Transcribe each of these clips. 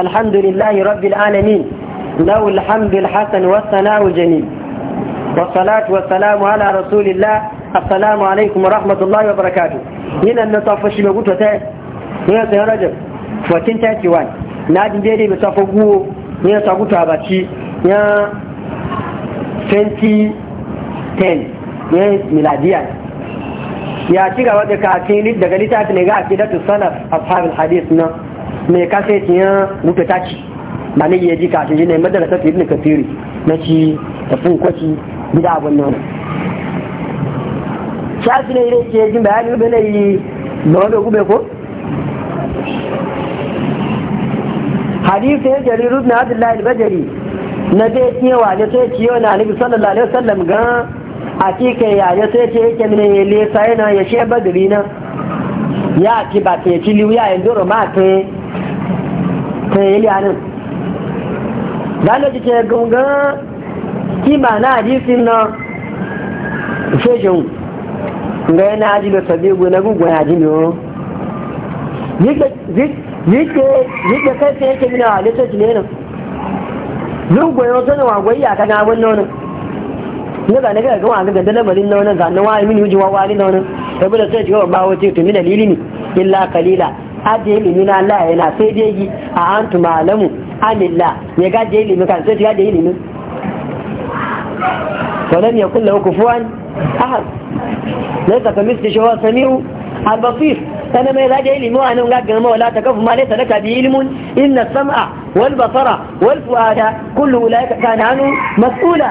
الحمد لله رب العالمين له الحمد الحسن والثناء الجميل والصلاة والسلام على رسول الله السلام عليكم ورحمة الله وبركاته هنا النصف الشيء يقول تتاك هنا سيارة جب فتن تاتي وان نادي ديري بتفقوه هنا ساقوت عباتي هنا تن هنا ميلاديان يا شيخ أود كاتين دقالي تاتي نقاك كده تصنف أصحاب الحديث نعم mai kaseti ya rufe taki ba ne ya ji shi ne madara ta ka tiri na ci fun kwaci gida abin nan shafi ne yake jin bayani rube na yi na wanda gube ko hadisi ya jari rubin abdullahi al-bajari na dai cewa da sai yau na alibi sallallahu alaihi wasallam ga a cikin ya ya sai ce yake mini ya lesa yana ya shebadiri na ya ci ba ta ya ci liwu ya yi doro ma ta ta yi liyanin gane ji ce gungan kima na hadisin na feshinu ga yana haji da sabi guna gungun haji ne oh. yake kai sai yake mina halittar shi ne nan gungun yau sanin wagwai ka kana wani nan ne ga naga ga wani gandun dalamarin na wani ga wa yi mini wujewa wani nan wani ya bude sai jiwa ba wace tumi dalili ne illa kalila ajiye ilimi na Allah yana sai dai yi a antu malamu anilla ya gaje ilimi kan sai gaje ilimi to lam yakul lahu kufuwan ahad laysa kamithli shay'un samiu al-basir sana mai zaje ilimi wa nan ga ma wala takafu ma laysa laka bi ilmun inna sam'a wal basara wal fuada kullu ulaika kana anu mas'ula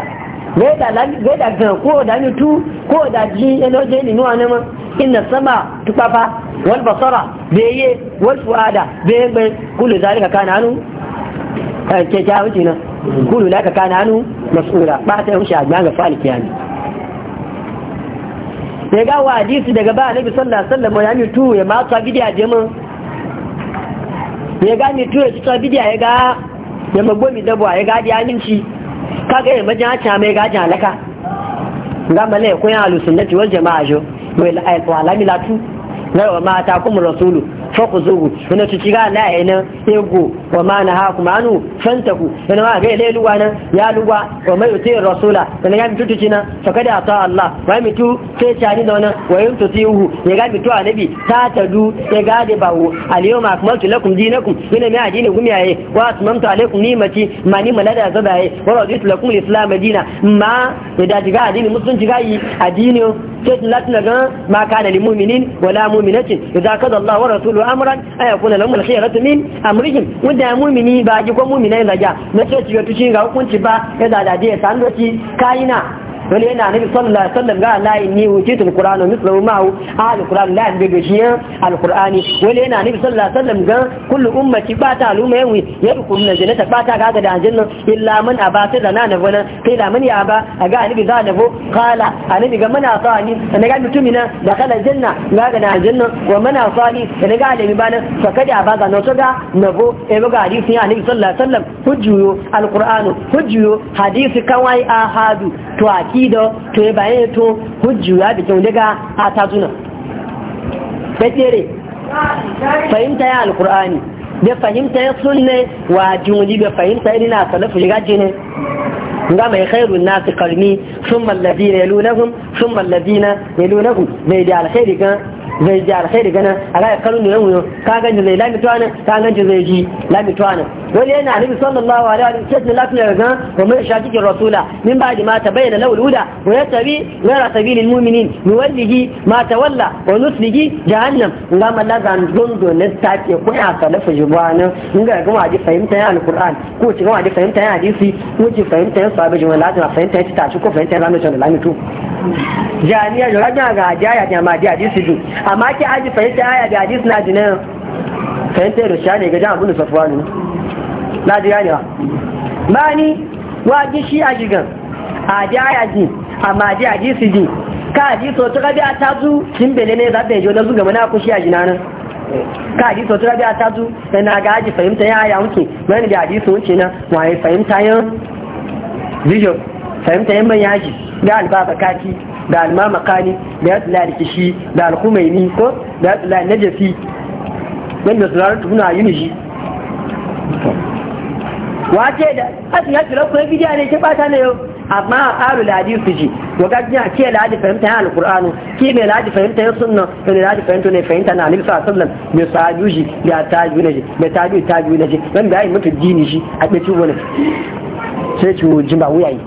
gaida gaida ko da ni tu ko da ji eno je ilimi wa nan inna sama tufafa wal basara beye wal fuada beye bai kullu zalika kana anu ke ta wuce nan kullu laka kana anu mas'ula ba ta yusha ga ga faliki yani ya ga wa hadisi daga ba annabi sallallahu alaihi wasallam ya mutu ya ma ta bidiya je mun ya ga ni tuwa ta bidiya ya ga ya magbomi dabwa ya ga di aminci kaga ya majin hacha mai ga jalaka nga mala ya koyan alusunnati wal jama'a jo wal alami latu na wa mata kuma rasulu faku zuhu wani ci ga la yana ego wa ma na haku manu fantaku wani ma ga ile luwa nan ya luwa wa mai utai rasula wani ga mitu tucina fa kada ta Allah wa mitu sai cani da wannan wa yin tutihu ya ga mitu anabi ta ta du ya ga da bawo alyawma akmaltu lakum dinakum ina mai adini gumiyaye wa atmamtu alaikum nimati ma ni malada zabaye wa raditu lakum alislam madina ma ya da diga adini musulunci ga yi adini sai latin ga ma kana lil mu'minin wala mu mu'minatin idza kada Allah wa rasuluhu amran ay yakuna lahum al-khiyaratu min amrihim wanda mu'mini ba ji ko mu'mina ya na ce ci ga tuci ga hukunci ba ya da da ya san doci kaina wani yana nabi sallallahu alaihi wasallam ga la inni utitu alqur'ana mithlahu ma hu ahli alqur'an la bi gashiya alqur'ani wani yana nabi sallallahu alaihi wasallam ga kullu ummati ta aluma yawi yadkhuluna ba ta ga da aljanna illa man abata da na nabana kai la man ya ba ga nabi za da bo qala anabi ga mana sani ne ga mutumina da kala janna ga ga aljanna wa mana sani da ga alimi bana fa kada ba ga no to ga nabo e ga hadisi ya nabi sallallahu alaihi wasallam hujju alqur'anu hujju hadisi kawai ahadu to a akido to ya bayan to hujjuwa da kyau daga a tatuna tsere fahimta ya alkur'ani da fahimta ya sunne wa jimuli da fahimta irina salafu shiga jini ga mai khairun nasu karni sun mallabi na yalunahun sun mallabi na yalunahun mai da alkhairu kan zai ji alkhairi gana a ga kalun da yan ka ganin zai lami tuwana ka ganin zai ji lami tuwana wani yana alibi sallallahu alaihi wa sallam lafiya ga wa mai shaki rasula min ba ma mata bayyana lawul huda wa yattabi ghayra sabilil mu'minin wallihi ma tawalla wa nuslihi jahannam nga malla zan gondo ne take ko ya salafu jibana nga ga ma ji fahimta ya alquran ko ci ga ma ji fahimta ya hadisi ko ci fahimta ya sahabi la ta fahimta ya ta ko fahimta ya ramu ta lamitu jami'a ga ga ga ya ta ma ji hadisi amma ki aji fahimta aya da hadis na jinin fahimta da shani ga jan safuwa ne na ji ganewa ba ni ji shi a jigan a ji aya ji amma ji a ji su ji ka ji so ta gabi a zu, kin bele ne zaɓe jo na zuga mana kushi a jina nan ka ji so ta gabi a zu, sai na ga aji fahimta ya aya wuce wani da hadisi wuce na waye fahimta yin vision fahimta yin ban yaji ga albaba kaki da almama makani da ya tsila da kishi da alkumaini ko da ya tsila na jafi wanda su rarar tuna yi nishi wace da asin ya tsira kuma bidiya ne ke bata na yau amma a ƙaru ladi su ji wa gajiya ke ladi fahimta ya alkur'anu ke mai ladi fahimta ya sunna ke ne ladi fahimta ne fahimta na alif sallan mai sa'adu shi ya tabi na ji mai ta biyu na ji wanda ya yi mutu dini shi a ɓe ciwo ne sai ciwo jimba wuyayi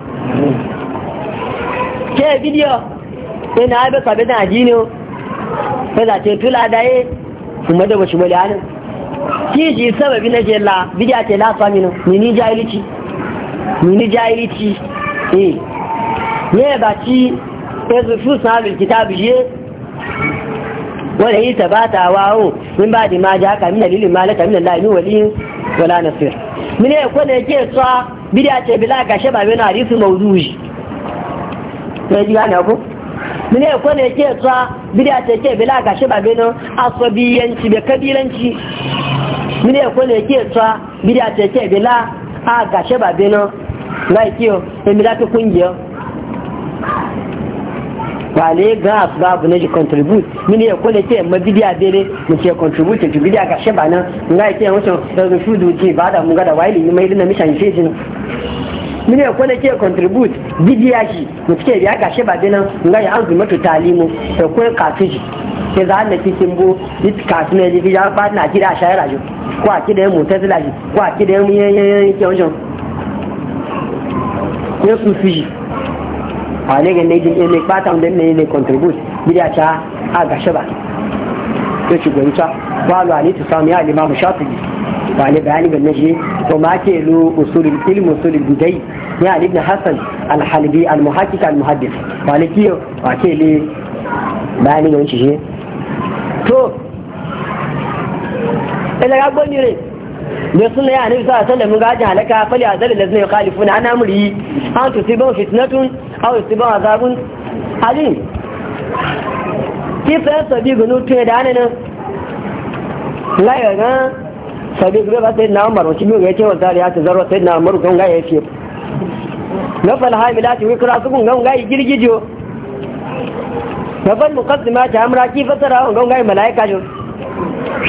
ke bidiyo sai na haibe sabi da ajini sai da ce tula daye kuma da bashi mali hannun kiji sababi na ke la bidiya ce la sami nan mini jahilici mini jahilici eh ne ba ci ezufu sahabin kitabu je wanda yi tabata wawo min ba di ma ji haka min dalilin malaka min Allah min wali wala nasir min ne ko ne ke tsa bidiya ce bila gashe ba bin hadisi mawduji ya ji gane ku mine ko ne ke tsa bidiya ce ke bila ga shi ba beno asabiyanci be kabilanci mine ko ne ke tsa bidiya ce ke bila a ga shi ba beno lai kiyo e mi da ta kungiyo le gas babu na ji contribute mini ya kone ce ma bidiya bere mu ce contribute to bidiya ga sheba nan nga ce wato da su duji ba da mun ga da waili ni mai dinna mishan shi jin mini ko ne ke contribute bidiya shi mu cike biya gashi ba dinan nga ya an zuma talimu da ko ka tiji ke za na cikin timbo it ka ne ji ya ba na kira shayara ji ko a kida mu ta tilaji ko a kida mu yan yan yan ke wajen ne su fi a ne ga ne din ne ba ta da ne ne contribute bidiya ta a gashi ba ke shi gonta ba lo ali to sami ma mu shafi ba ne bayani ga ne shi to ma ke lo usulul ilm usulul bidai ya ali ibn hasan al-halbi al-muhakkik al-muhaddis maliki wa ke le bayani ga wanci shi to ila ga gwani re da suna ya nufi sa sallar mun gajin halaka fali a zarin da suna ya kalifu na an amuri an tusiban fitnatun da sabi gure ba sai na umar wacce biyu ga yake wata ya ta zarwa sai na umar kun ga yake na fal hamila wi wikra su kun ga ga girgijo na fal muqaddima ta amra ki fa fatara kun ga malaika jo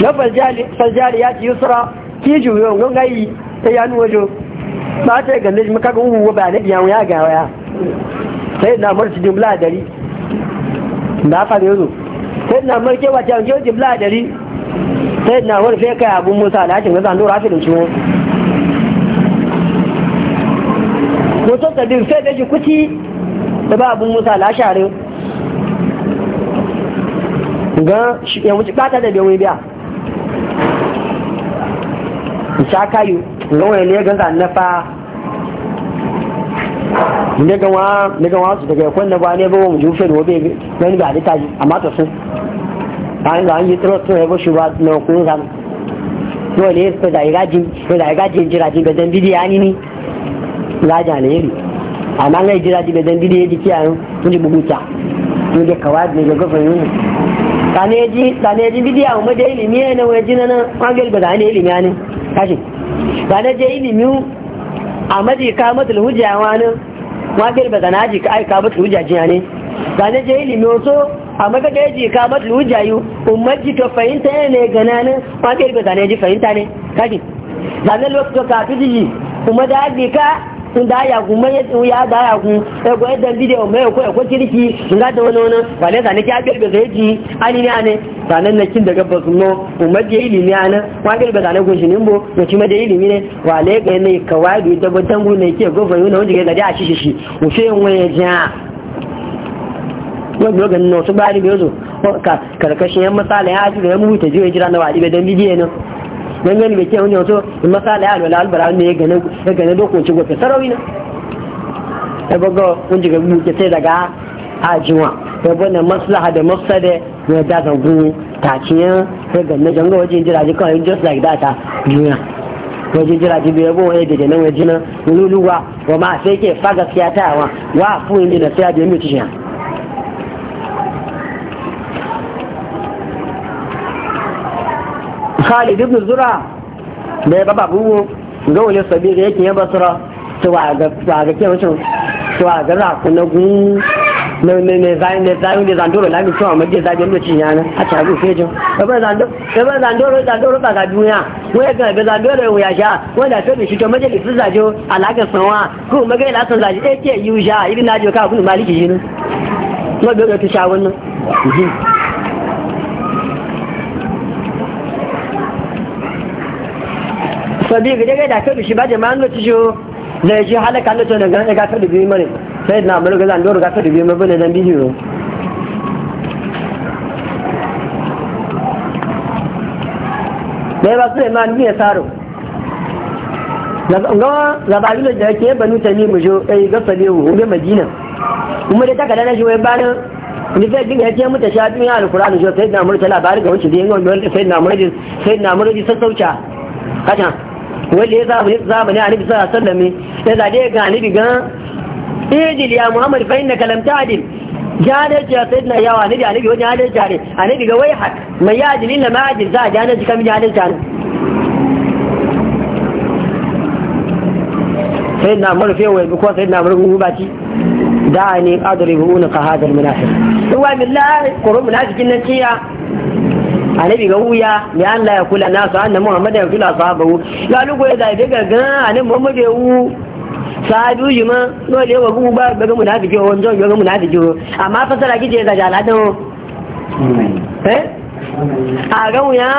na fal jali fal jali ya ci yusra ki juyo kun ga yi ta yanu wajo ba ta ga ne maka ga uwa ba ne biya ya ga waya sai na umar ci jumla dari da fa ne zo sai na umar ke wata jumla dari sai na wani sai kai abun musa da hakin gaza dora shi da ciwo mutum da din sai da shi kuti da ba abun musa la share ga ya wuce bata da bai biya ta kayu ga wani ne ganza na fa ne ga wa ne ga wa su daga kwanne ba ne ba mu jufe da wabe gani ba da ta amma to sun an ga an yi tsoro to ya goshi ba na kun zam dole ko da igajin ko da igajin jirajin ga dan bidiya ni ni laja ne yiri amma ga jirajin ga dan bidiya diki an kun ji buguta kun ga kawad ne ga gofin ne taneji taneji bidiya mu da ilimi ne wai jina nan kwangel ba ne ilimi ne kashi ba na je ilimi a madika matul hujja wani kwangel ba na ji ka aika matul hujja jiya ne ba na je ilimi so a ka ya jika mata lujayu umarci to fahimta ne ne gananin kwanke ribe zane ji fahimta ne kaji zanen lokacin ka fi jiji kuma da jika da ya kuma ya da ya ku ya ya dan bidiyo mai ko ko kirki ga da wani wani wale zane ki abiyar ba zai ji ani ne ane zanen na kin daga basuno umar da ilimi ana kwanar ba zane gun shi nimbo ya ci ma da ilimi ne wale ga ne kawai da tabbatar ne ke gofa yuna wanda ga da a shi shi shi ufe yin wani jiya gobe ganin na wasu bari bai zo karkashin yan matsala ya da e, ya mutu jiya jira na wadi bai dan bidiyo gani bai ke wani in ya alwala gobe na daga ajiwa ya maslaha da mafsade da ya gane wajen jira ji kawai e, just like that duniya wajen da nan wajen nan luluwa wa ma sai ke wa jina sai a mutu shi khalid ibn zura da ya baba bugu ga wani sabi da yake ya basura to a ga ke mutum to a ga za ku na gun na ne zai ne zai ne zandoro lami to amma ke zai ne cin yana a ta gu fejo ba zandoro ba zandoro zandoro ba ga duniya wai ga ga zandoro ya sha wanda da bi shi to majalisi zajo alaga sanwa ko magai la san zaje ake eh, ke yu sha irin najo ka kun maliki shi ne ko da ta sha wannan sabi ga daga da kai shi ba jama'an da tijo zai ji halaka da tona ga ga ta dubi mare sai na mun ga zan doro ga ta dubi mare bane dan bidiyo dai ba Suleiman ne saro eh, ga zabari da yake banu mu jo ai ga salewu ga madina kuma da taka dana shi wai bayan ni fa sai dinga yace mu ta sha duniya alqur'ani jo sai na murtala bari ga wuce da yango sai na murji sai na murji sassauca kacan wanda ya zamani zamani a nabi sallallahu alaihi wasallam ya zade ga nabi gan idil ya muhammad fa innaka lam ta'dil jare ce sayyidina yawa nabi nabi wajen hadin a nabi ga wai hak mai yadil illa ma ajil za jana ji kam jare jare sayyidina amr fe wai ko sayyidina amr ku baci da ne adribu unqa hadal munafiq wa billahi qurun munafiqin nan ciya annabi ga wuya ne Allah ya kula nasu annabi Muhammad ya kula sahabu ya lugo ya zai daga ga annabi Muhammad ya wu sahabu yi ma no le wa gugu ba ga munafiki won jo ga munafiki amma fasara kije ga jaladan eh a ga wuya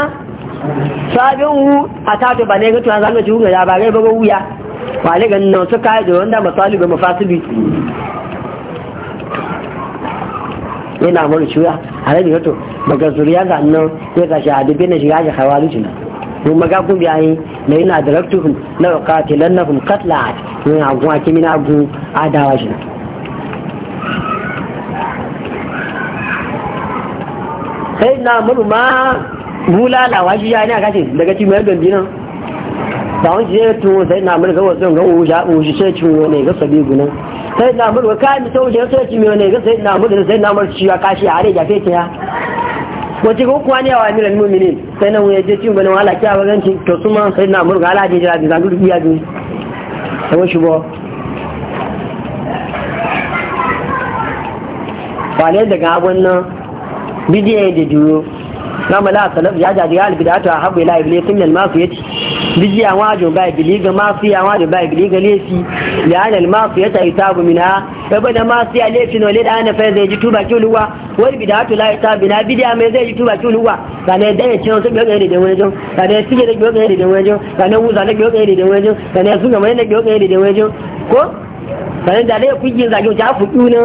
sahabin wu a tato ba ne ga tunan zanga ji wuya ba ga wuya wale ga no su kai da wanda masalibu mafasibi yana mara shuya a rabi wato maga zuriya ga annan ya ga shi adibi na shiga ga hawali na ko maga kun biya yi na yana daraktuhum na qatilan katla a cikin agun akimi na a dawa shi sai na muru ma bulalawa shi ya ne a kashe daga cikin mayar dandina ba wani zai tuwo sai na mulka wasu ga wuja wuji sai ci ne ga sabi guna sai na mulka ka mi to je sai ci ne ga sai na mulka sai na mulka ciwa kashi a jafe ta ya wace ko kuwa ne wa milan mu'minin sai na wuya je ci bane wala kiya ba ganci to su ma sai na mulka ala je jira zan zandu biya bi sai wani shubo ba ne daga abun nan bidiyar da juro kama la salaf ya jadi al bidatu habu ila iblis min al masiyati biji an wajo ba ibli ga masiya wajo ba ibli ga lesi ya an al masiyata itabu minha yaba da masiya lesi no le da ana fa zai ji tuba kuluwa wal bidatu la itabu na bidiya mai zai ji tuba kuluwa kana da ya ce wasu gbe da wajo kana sige da gbe da wajo kana wuza da gbe da wajo kana su ga mai da gbe da wajo ko kana da dai kujin zage ta fudu ne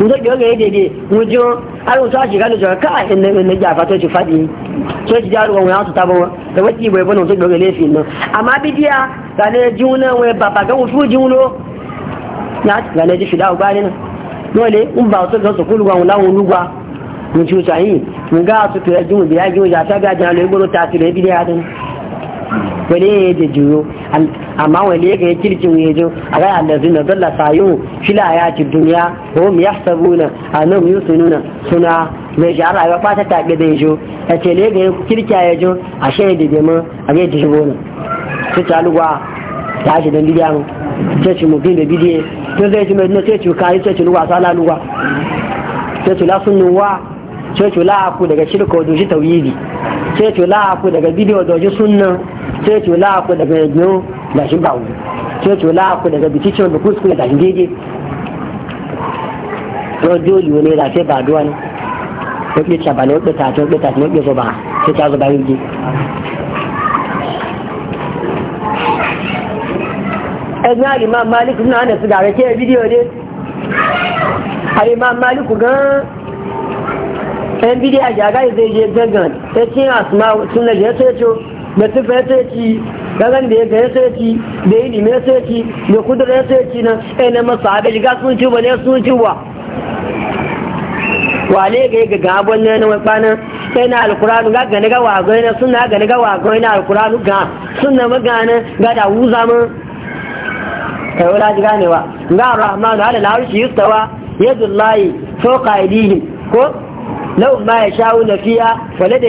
mun ga gbe da wajo har mutu a shiga da shiga ka in na jafa to shi faɗi to shi jaru wani wasu tabon wa da wacce bai bane wasu dole laifin nan amma bidiya ga ne juna wai ba ga wufu juno na ga ne ji dawo gani nan dole in ba wasu zan su kulu gwa wula wulu gwa mun ci wuta yi mun ga su tura jinu biya jinu ya ta gaji na lo igoro ta su bidiya din wani ya yi da amma wani ya kirki wuye jo a ga allazi na dalla sayu fila ya ci duniya ko mu yahsabuna annahum yusununa suna me ji ara ya fata ta ga dai jo a ce le gaya kirki ya jo a shaidi da mu a ga ji shigo ne su ta lugwa ta shi dan bidiya mu ce ci mu bin da bidiye to zai ci mai ce ci kai ce ci lugwa sala lugwa ce ci la sunnuwa ce ci la ku daga shirko doji tauhidi ce ci la ku daga bidiyo doji sunna ce ci la ku daga yajo da shi ba wuri sai to la ku daga biki cewa ku kuskure da gege to dole ne da sai ba duwa ne ko ke ta balo ko ta to ko ta ne ko ba sai ta zo ba yi ẹgbẹ́ àrìmá málìkù náà nẹ̀ sídà rẹ̀ kí ẹ fídíò dé àrìmá málìkù gan-an ẹn bídí àjàgá ìzẹ́jẹ gẹ́gàn ẹ tí àsìmá túnlẹ̀ jẹ́ tó da tufa ya soyaci da zan da ya ga ya ci da yi ilimi ya ci da kudura ya ci nan sai na masu haɗe shiga sun ci ba ne sun ci ba wale ga ga gabon ne na wani sai na alkuranu ga gani ga wagoyi na suna gani ga wagoyi na alkuranu ga suna magana ga da wuza mu kai wala ji ganewa ga rahmanu hada larushi yustawa ka yi aydihim ko law ma na fiya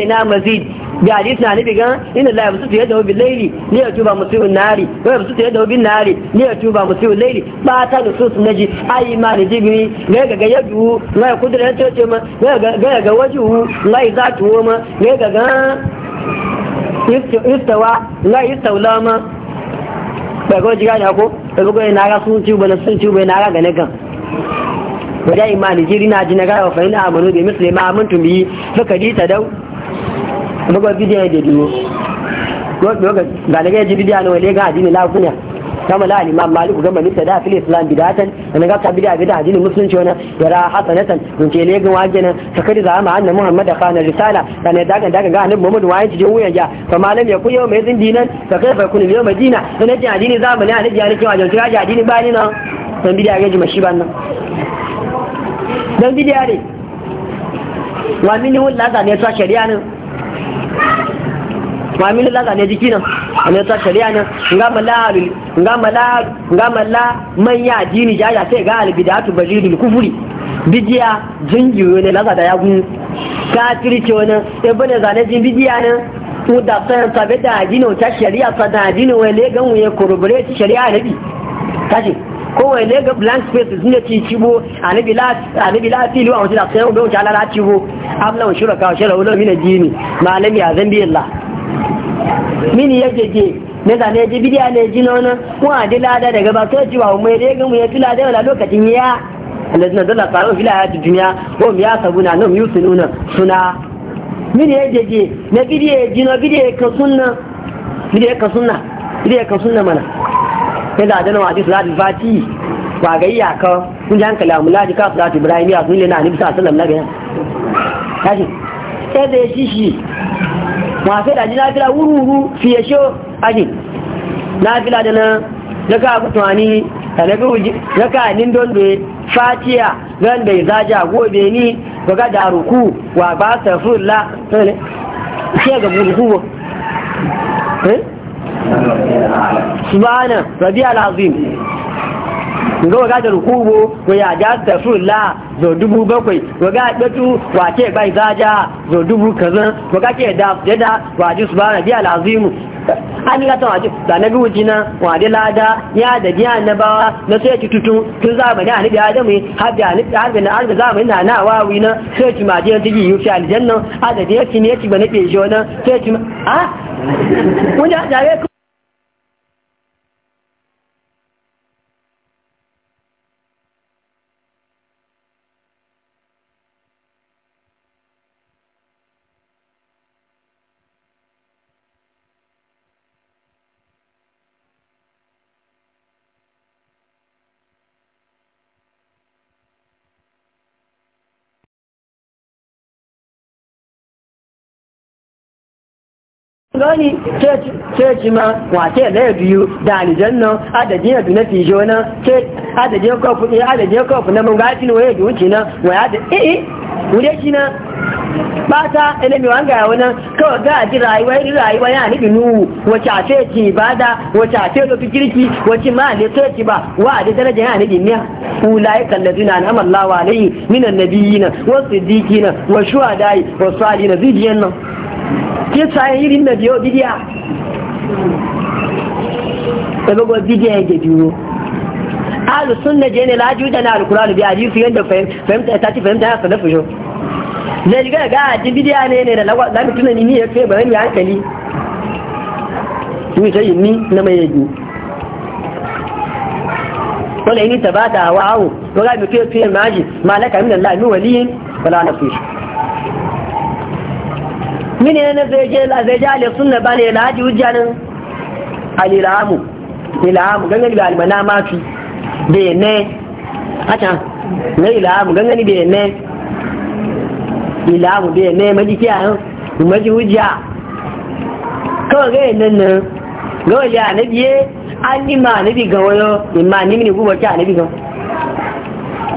ina mazid ga hadisi na nabi gan inna yadda yabsutu yadahu bil layli li yatuba musiu nari wa yabsutu yadahu bin nari li yatuba musiu layli ba ta da su naji ai ma da jibi ne ga ga yadu ne kudura ta ce ma ne ga ga wajihu lai za tuwo ma ne ga ga istawa la istawla ma ba ko jiga da ko ba ko ina ga sun ci bana sun ci ina ga gane kan wadai ma ni jiri na ji na ga fa ina amanu bi muslima amantu bi ta dau. buga bidiyo da duro ga daga yaji bidiyo ne ga addini lafiya kama la alimam maliku gama nisa da fil islam bidatan an ga kabida bid'a addini musulunci wani yara hasanatan mun ce le ga wajena sakari za ma annabi muhammad da kana risala da kana daga daga ga annabi muhammad waye ji wuya ja fa malam ya kuyo mai zin dinan ta kai fa kun yau madina sanan ji addini zamani annabi ya rike wajen tira ji addini bani nan dan bid'a ga ji mashi ban nan dan bid'a ne wa mini hulla da ne ta shari'a nan mamin min ne jiki nan ne ta shari'a nan nga mala nga mala nga mala man ga dini jaja sai ga albidatu balidul kufuri bidiya jingiyo ne laza da ya gun kafirce wani ebe ne e zane jin bidiya nan ko da sayan sabe da adini ta shari'a sa da adini wai le gan wuye corroborate shari'a bi, kashi ko wai ne ga blank space sun ci cibo anabi la anabi la fili a wani da sayan ubin wuce alala cibo amlan shuraka wa shara wani mina dini malami a zambi Allah mini ya jeje na zane ji bidiya ne ji nona ko a ji lada daga ba so ji ba mu ya ga mu ya tula da wala lokacin ya allazina dalla qalu fil hayati dunya wa hum yasabuna annahum yusinuna suna mini ya jeje ne bidiya ji no bidiya ka sunna bidiya ka sunna bidiya ka sunna mana sai da dana hadisi da fati ba gayya ka kun ji hankali amma laji ka fara ibrahimiya sun le na nabi sun alaihi na laga ya tashi sai da shi shi ma sai da ji nafila wuru-wuru fiye sho aji nafila da nan zaka na tunani zaka nin don da fatiya zan da ja gobe ni ga da ruku wa ba ta furla sai ga buruku eh? subhana rabi al-azim ga waga da rukubu ko ya da tafula zo dubu bakwai waga datu wace bai zaja zo dubu kaza waga ke da da waji subhana bi alazim an ga ta waji da nabi wujina wadi lada ya da biya na ba na sai ki tutu tun za zamani annabi adamu har da annabi har da har da mai na na wawi na sai ki ma je tigi yufi aljanna adadi yake ne yake bane ke jona sai ki a kun da da gani ce ci ma wace ya biyu da alijan nan adadin yadda na fijo nan ce adadin kofu ɗaya eh, adadin kofu na mun gaji ne waye wuce nan waya da ee eh, eh, wuri shi nan bata ilimi wanga ya wani kawai ga ji rayuwa iri rayuwa ya nufi nuhu wace a ce ci ibada wace a ce lofi kirki wace ma ne ce ci ba wa da daraja ya nufi miya ulai kallazina na amallawa alayhi minan nabiyina wasu dikina wa shuhadai wa na zidiyan nan ke tsaye irin na biyo bidiya da bidiya biyo laju da na alquran bi hadisi yanda fahimta ta ci fahimta ya salafu jo ne ga ga ji bidiya ne ne da lamu tunani ni ya kai bayan ya hankali ni sai ni na mai yaji wala ini tabata wala mutu fi maji min Allah waliyin wala mini na zai je alif sunna ba ne lahaji hujjanin alilamu ilamu gangani bai almana mafi da ya ne a can na ilamu gangani da ya ne ilamu da ya ne maji kiyayen eh? maji hujja kawai ga yannan nan ga wali a na biye an yi ma na bi ga wayo imma ni mini gubar ki a na bi ga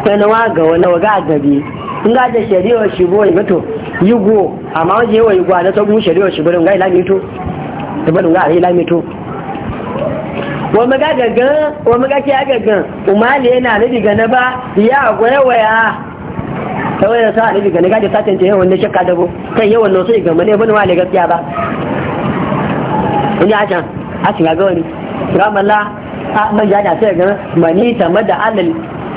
sanawa ga wani waga a gabi nga da shari'a shi boye mato yugo amma waje wa yugo da sabu shari'a shi boye ngai to da bada nga ai to wa maga gaga wa maga ke gaga umali yana na diga na ba ya goye waya ta waya sa nabi gana ga da satin ta yawan da shakka dabo kan yawan no sai gama ne bani wale gaskiya ba in ya can a shiga gawari ramalla a manja da sai ga mani tamada alal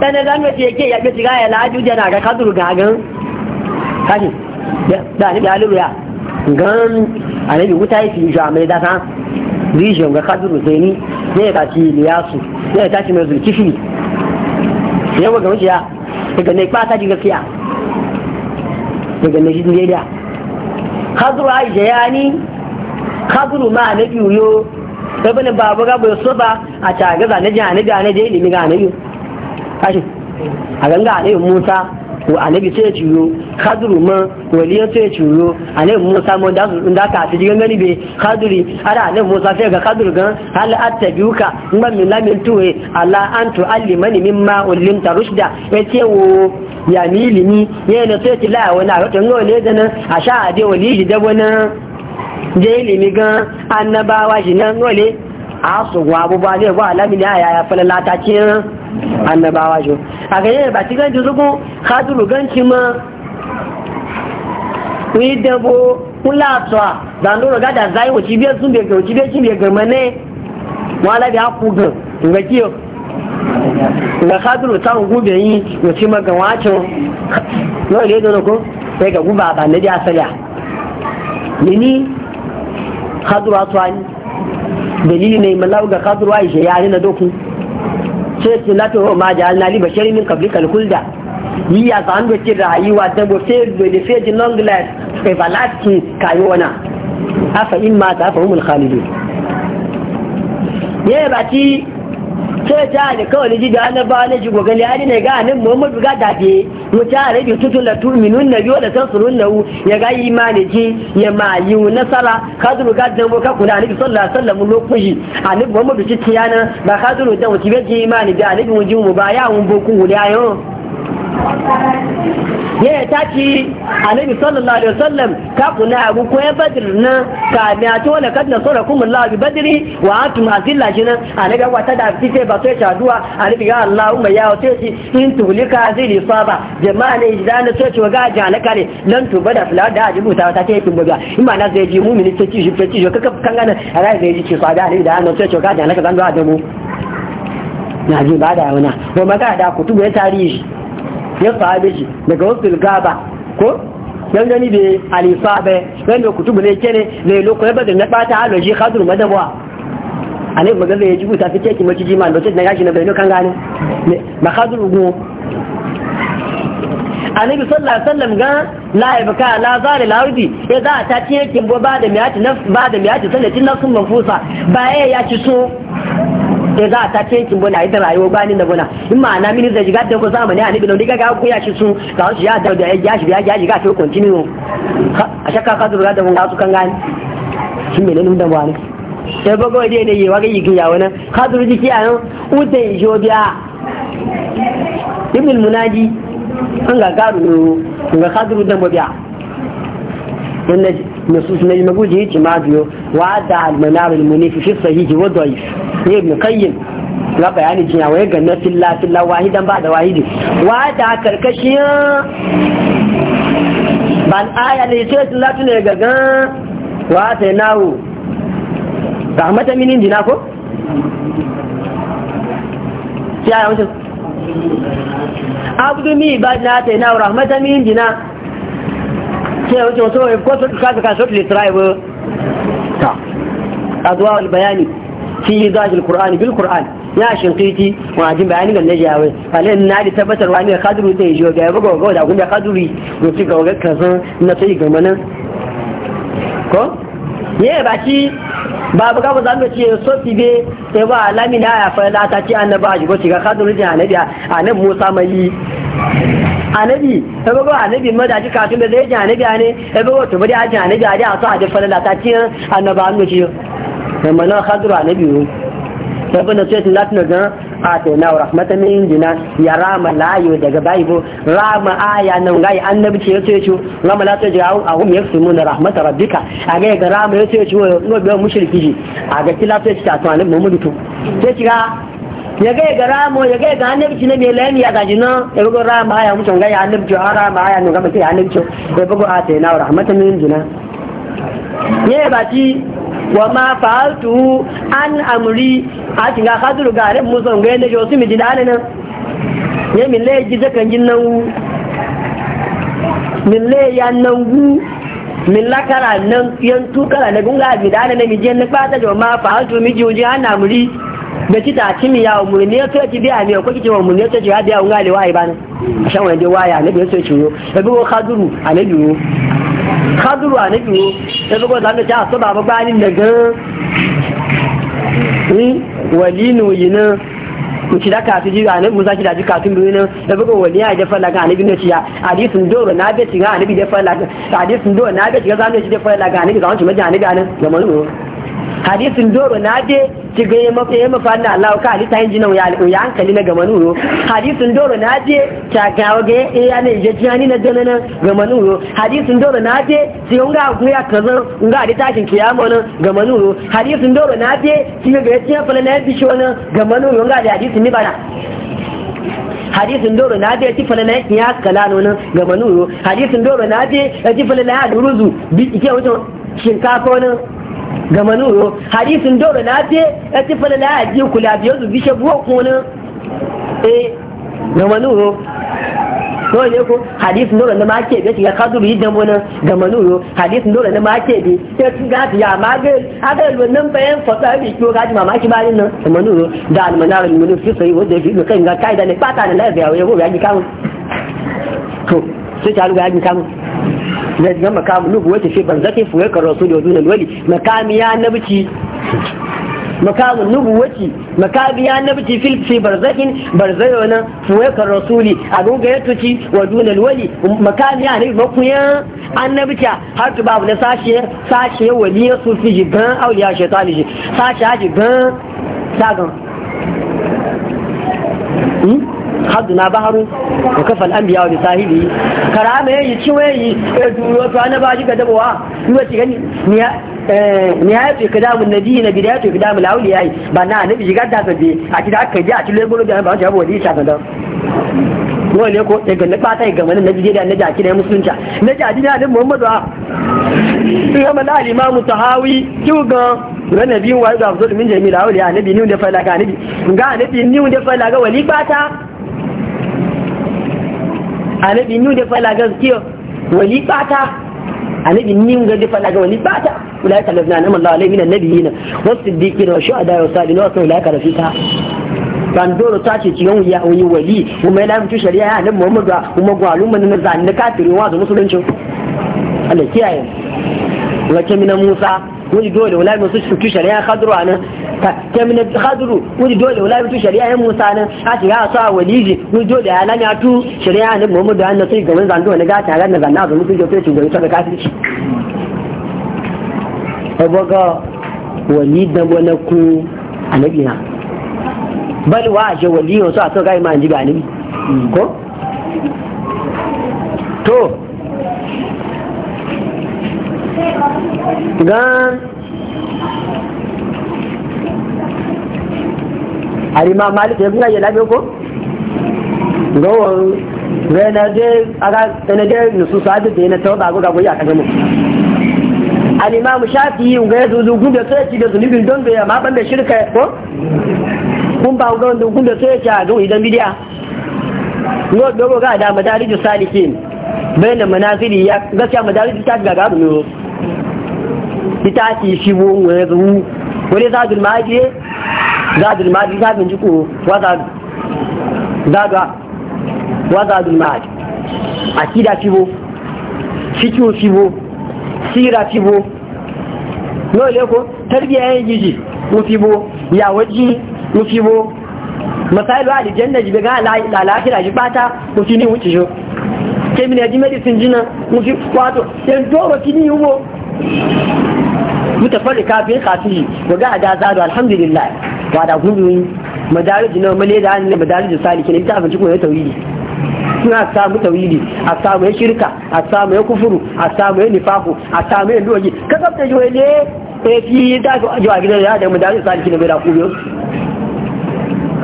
ɗane za mu yake ya ke shiga ya laju jana ga kaduru gagan kashi da ni galibu ya gan anabi wuta yi fi a mai dasa rijiyar ga kaduru sai ni ne ya tashi liyasu ne ya tashi mai zulkifi ne wa ga wuciya daga ne ba ta ji gaskiya daga ne shi ne da kaduru aisha ya ni kaduru ma anabi yo ta bane babu gaba so ba a tagaza na jihar na jihar na jihar ga anabi kashi a ganga annabi musa annabi sai ya ciro kaduru ma waliya sai ya ciro annabi musa ma da su da ka ta jigan gani be kaduri ara annabi musa sai ga kaduru gan hal attabiuka in ban min lamin tuwe ala an tuallimani mimma ullimta rushda ce wo ya ni ilimi ya ne sai ti la wani a wata ngole da nan a sha ade wali shi da wani je ilimi gan annabawa shi nan ngole asu wa bu ba ne wa alamin ya ya fa lalata ce annabawa jo a ga ba ti ganji zugu khaduru ganci ma wi dabo kula to da ndoro ga da zai wuci biye sun be ga wuci biye kin be ga mane wala bi aku ga ga kiyo ga khaduru ta gube yi wuci ma ga wacho no le do ko sai ga guba ba ne da asaliya mini khaduru atwani dalili ne malau ga kafir wa ya yare na doku sai su na t'o ma ja alna li bashari min kabli kulda yi ya san da ce rayuwa ta bo sai da sai ji long life sai balati kayo wana afa in ma ta fa humul khalidun ye ba ti sai ta ne kawai da jiga na ba na jigo gali ani ne ga nan mu ga mu ta re rabi tutu la minun na biyo da tansurun na u ya ga imani ji ya ma yi nasara kaduru ga dan ka kula anabi sallallahu alaihi wasallam ani mu mu ci tiyana ba kaduru da wuti be ji imani da anabi mu ji mu ba ya mu boku wuri ayo ya ta ci annabi sallallahu alaihi wasallam ka kuna abu ko ya badr na ka mi ato wala kad na sura kum allah bi badri wa antum azilla shi nan annabi ga ta da fice ba sai ta duwa ya allah umma ya wace shi in tulika zili saba jama'a ne idan sai ci ga jalaka ne nan to bada fila da ajibu ta ta ce kin goga in ma na zai ji mu'mini ce ci shi ce ci kaka kan gana ara zai ji ci fa da annabi da na sai ci ga jalaka zan da mu na ji ba da wani ko maka da kutubu ya tarihi ya sahabe shi daga wasu gaba ko yan gani da alisabe yan da kutubu ne kene ne lokacin ba da na bata shi hadur madawa ale maga zai ji buta fice ki mace ma lokacin da gashi na bayanu kan gani ma hadur ugu a ne bisan wasallam ga la yabka la zalil ya za ta ce kimbo ba da miyati nafs ba da miyati mafusa ba ya ci so da za a tace yankin bana idan rayuwa bani da bana in ma na mini zai jiga da ko zamani a nabi diga ga ku ya shi su ga su ya da ya ya shi ya ji ga to continue a shakka ka da da mun su kan gani shin me ne da bani sai bago dai ne yi wani yigin ya wani ka zuru jiki a nan utai jobiya ibn munadi an ga garu ne ga kaduru dan babiya wannan نصوص نجمة جوجي هيك ما ديو وعد على المنار المنيف في الصحيح وضعيف ابن قيم na bayani jiya wai ga na filla filla wahidan ba da wahidi wada karkashin ban aya ne sai sun latu ne gaga wa sai nawo rahmata min indina ko ya yawancin abdu mi ba na sai nawo rahmata min indina sai wuce wasu wani ko su kasu kasu litrai ba ta azuwa bayani fi zajil qur'an bil qur'an ya shinkiti wa jin bayani ga naji yawe alin na da tabbatar wani ga kaduru da yajo ga buga ga da kun da kaduri ko ci ga ga kasan na sai ga mana ko ye ba ci babu gaba za mu ce so fi be sai ba lamina ya fa la ta ci annabi a jibo ci ga kaduru da annabi annabi Musa mai anabi ebe ba anabi ma da ji tun da zai ji anabi ne ebe ba to bari a ji anabi a da a so a ji falala ta ci annaba an ci da mana khadru anabi ne ta bana sai latin ga a ta na rahmata min indina ya rama layo daga bo. rama aya nan gai annabi ce yace ce rama la ta jawo a hum na rahmata rabbika a ga ga rama yace yace ngo be mushriki ji a ga kila ta ci ta to mu muhammadu to sai kira ya gaya ga ramo ya gaya ga annabci na mai lami a gaji nan ya bugu rama ya ga ya annabci a ya annabci ya bugu a ta yana rahmatan min juna ya ba ci wa ma fa'altu an amri a cikin haduru ga musa jo su mi ji dana nan ya min le zakan min nan min lakara nan bi mi na fata ma fa'altu mi an amri da kita ta ci mi yawo mu ne to biya ne ko kike mu ne to ci ha biya ngale wai bana shan wani je waya ne biyo so ci yo da biyo khaduru anabi yo khaduru anabi yo da go da ta so baba bani daga ni walinu yina ku ci da kafin jiri a mu zaki da ji kafin biyu nan da buga wani ya jefa laga ne nabi ciya hadisin doro na bai shiga a da jefa laga hadisin doro na bai shiga zamu ci jefa laga a nabi zamu ci maji ne nabi a mu hadisin doro na je ci ga yi mafi yi mafi na Allah ka halitta yin jinan ya hankali na gama nuro hadisin doro na je ta gawa ga ya ne ya ni na danana gama nuro hadisin doro na je ci yunga guya kaza nga halitta tashin kiyama nan gama nuro hadisin doro na je ci ga ya tiya fala na ya bisho nan gama nuro nga da hadisin ni bana hadisin doro na je tifala na ya kala na ga manuro hadisin doro na je tifala na ya duruzu bi ike wajen shinkafa wani ga manuro hadisin dole na te ya ci fala la aji kula biyo su bishe buwa kuna eh ga manuro to ne ko hadisin dole na ma ke bi ya kadu bi dan bona ga manuro hadisin dole na ma ke bi ya ci ga ya ma ga aga wannan bayan fata bi ko ga ma ki bayin nan ga manuro da almanar mun fi sai wanda fi kan ga ne fata ne la ya yawo ya ga kan to sai ta ga ga na ga makamu nubu wata fi ban zafi fuwai ka rasu da dunan wali makami ya nabci makamu nubu wati makami ya nabci fil barzakin barzayo na fuwai ka rasuli a gunga ya tuci wa duna wali makami ya nabi makuya an nabci har tu babu na sashe sashe wali ya sufi jigan auliya shaitani shi sashe ha jigan sagan hmm? haduna baharu wa kafa anbiya wa bisahili karama yayi ciwayi eh, ya duro to ana ba shi ga dabawa duwa ci gani nihayatu eh, ikdamu nabiyina bidayatu ikdamu al-awliya ba na nabi shiga da sabbi a kida aka ji a cikin gulo da ba ta wadi ta da ko ne ko daga na fata ga wannan nabi da naji akida na naji adina da muhammadu a ya mala al-imamu tahawi kiga nabi wa da abdul min jami'il ya nabi ni da fa'ila ga nabi ga nabi ni da fa'ila ga wali fata Alebi nu da fala gaskiya wali bata alebi nin ga da fala ga wali bata ulai ka lazna nan Allah alai min annabiyina wasiddiqina wa shuhada wa salihina wa ulai ka rafita kan doro ta ce cikin wuya wani wali kuma ya lafi shari'a ya nan Muhammadu kuma gwalu man na zanni kafirin wa da musulunci Allah kiyaye wa mina Musa wani dole wala musu shuki shari'a khadru ana ta kemina khadru wani dole wala musu shari'a ya musa nan a ce ya sa waliji wani dole ya lanya tu shari'a ne muhammadu an nasu ga wani zando ne ga ta ran nan na zo musu jofe ci gari ta kafirci abaga wani da wani ku a na Bali wa je wali su a so ga imani ga annabi ko to gan arima malik ya kuna yalabe ko gowon renade aga renade nusu sa'adu da yana tawba ga goyi a kaga mu al-imam shafi'i ga yazo zugun da sai ci da zunubin don da ma ban da shirka ko kun ba ga wanda kun da sai ci ga idan bidiya no dogo ga da madarij salikin bayan da manazili ya gaskiya madarij ta ga ga mu ita ce shi wo wo ya zu wani zadul maji za a ta bin jiko waza zaga waza dul maji akida shi wo fikiyo shi bo sira shi bo yau ne ko tarbiya ya yin jiji mufi bo ya waji mufi bo masailu alijanna jibe ga lalakira ji bata mufi ni wuce shi kemina ji medicine jina mufi wato yan doro kini yi wo mutafarrika fi kafi wa ga da zadu alhamdulillah wa da gudu madarij na male da ne madarij salikin ita abinci ko ya tawili suna samu tawili a samu ya shirka a samu ya kufuru a samu ya nifaku a samu ya duwaji ka tsafta jiwa ne ya fi da ga jiwa gidan ya da madarij salikin bai da kubiyo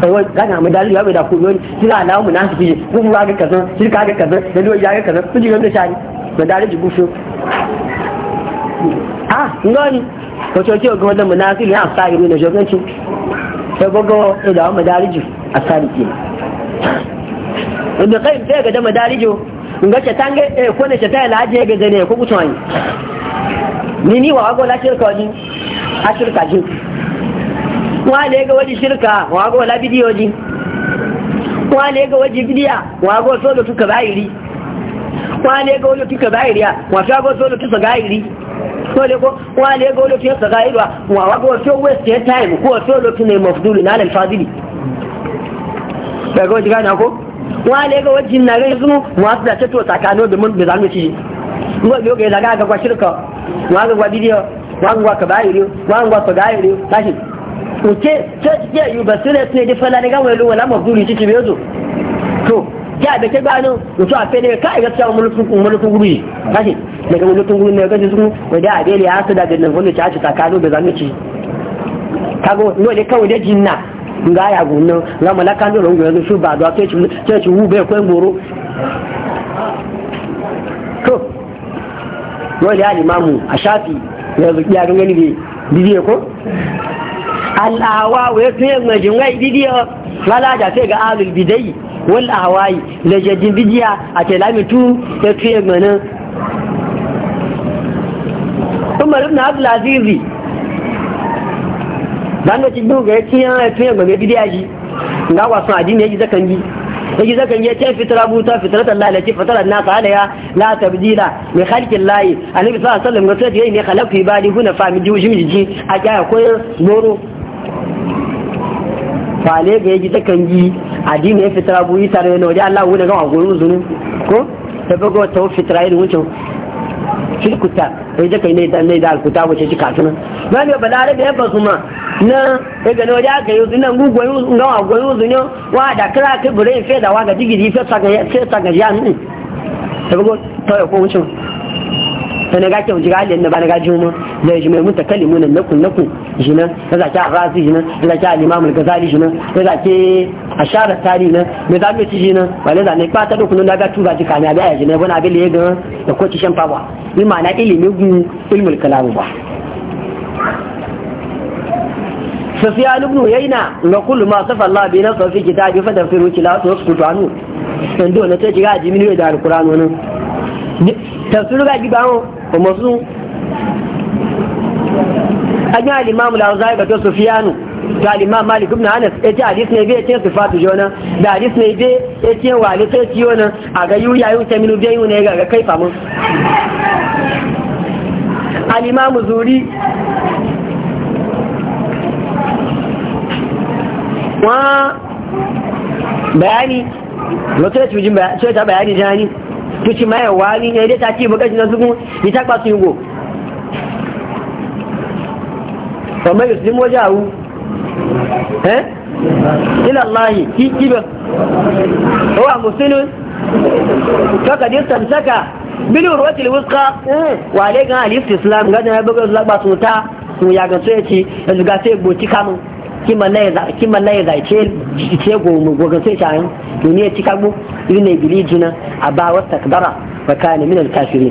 kawai gana madarij ya bai da kubiyo sila alamu na su fiye kuma ga kazan shirka ga kazan da duwaji ga kazan su ji wanda shani madarij gusho ah ngani ko to ke ga da munafil ya asairu ne joganci sai gogo da madariju asariki inda kai sai ga da madarijo nga ce tange eh ko ne ce ta laje ga gane ko gutu wani ni ni wa go la shirka wani a shirka ji wa ne ga wani shirka wa go la bidiyo ji wa ne ga waje bidiya wa go so da suka bayiri wale ga wani tuka zahiriya wata ga zo wani zahiri wale ga wani tuka zahiriya wa wa go so waste time ko so wani tunai mafdul na al fadili daga wajen gane ko wale ga wani na gani sunu wasu da tato tsakanin da mun da zamu ci ngo biyo ga daga ga kwashirka wani ga gwa bidiyo wa ga gwa kabairi wa ga gwa sagairi tashi uke ce ce yu basira ne da fala ne ga wani lo wala mafdul ci ci bezo to ya da ke gano mutu a fede kai gaskiya mulkin mulkin kashi mulkin ne su da abele ya su da ta da zamu ci kago no ne kawai da jinna ya gunno malaka ba da ci ci to a shafi yanzu ya gangani ne bidiyo ko bidiyo lalaja sai ga alul bidai wal ahwai la jadin bidiya a telamitu ya tuye mana umar ibn abdul aziz dan da cikin ga tiya yana tuye ga bidiya ji ga wasu addini yaji zakan ji yaji zakan ji ta fitra buta fitrat Allah la ci fatara nas alaya la tabdila min khalqi Allah annabi sallallahu alaihi wasallam ga sai ne khalaqu ibadi huna fa mi ji a ga koyar goro fale ga yaji zakan ji addini ya fitara buyi tare da wajen Allah wuda ga gurin zunu ko ta bago ta fitara irin wuce filkuta sai jaka ne da ne da alkuta wace ci katuna ba ne ba lare da yabba kuma na daga ne wajen aka yi zunan gugun ga wa gugun zunu wa da kira ka bure fe da wa ga digiri fe saka fe saka ya ni ta bago ta ko wuce. ta na gake wuce galin na ba na gaji mu da shi mai mutu limunan na nakun nakun jina ya zaki a rasu jina ya zaki a limamul gazali jina ya zaki a share tari nan me za mu ci nan wale da ne ba ta dokunan daga tuba ji kana da yaji ne bana bi le ga da ko ci shan fa ba bi ma'ana ilimi gu ilmul kalam ba sufyan ibn yayna ga kullu ma safa Allah bi nafsi fi kitabi fa da firu kila to su to anu dan do na ta ji ga ji mini da alquran wannan tafsiru ga ji ba mu ko masu an yi alimamu da zai ga to sufyanu ga imam malik ibn anas ya ce hadis ne bai ce jona da hadis ne bai ya ce ciyo nan a ga yuya ta minu bai ne ga kai famu al imam zuri wa bayani lokacin da jin bayani ta bayani jani mai wani ne ta ci zugun ni ta kwasu yugo kamar yusuf eh ila Allah ki kibe wa muslimin kaka din tamsaka bil urwatil wusqa eh? wa alayka al islam ga da buga laba suta ya ga sai ci yanzu ga sai goci kamun kima na yaza kima na yaza ce ce go mu go sai ta duniya ci kago ne bili jina aba wa takbara fa kana min al kafirin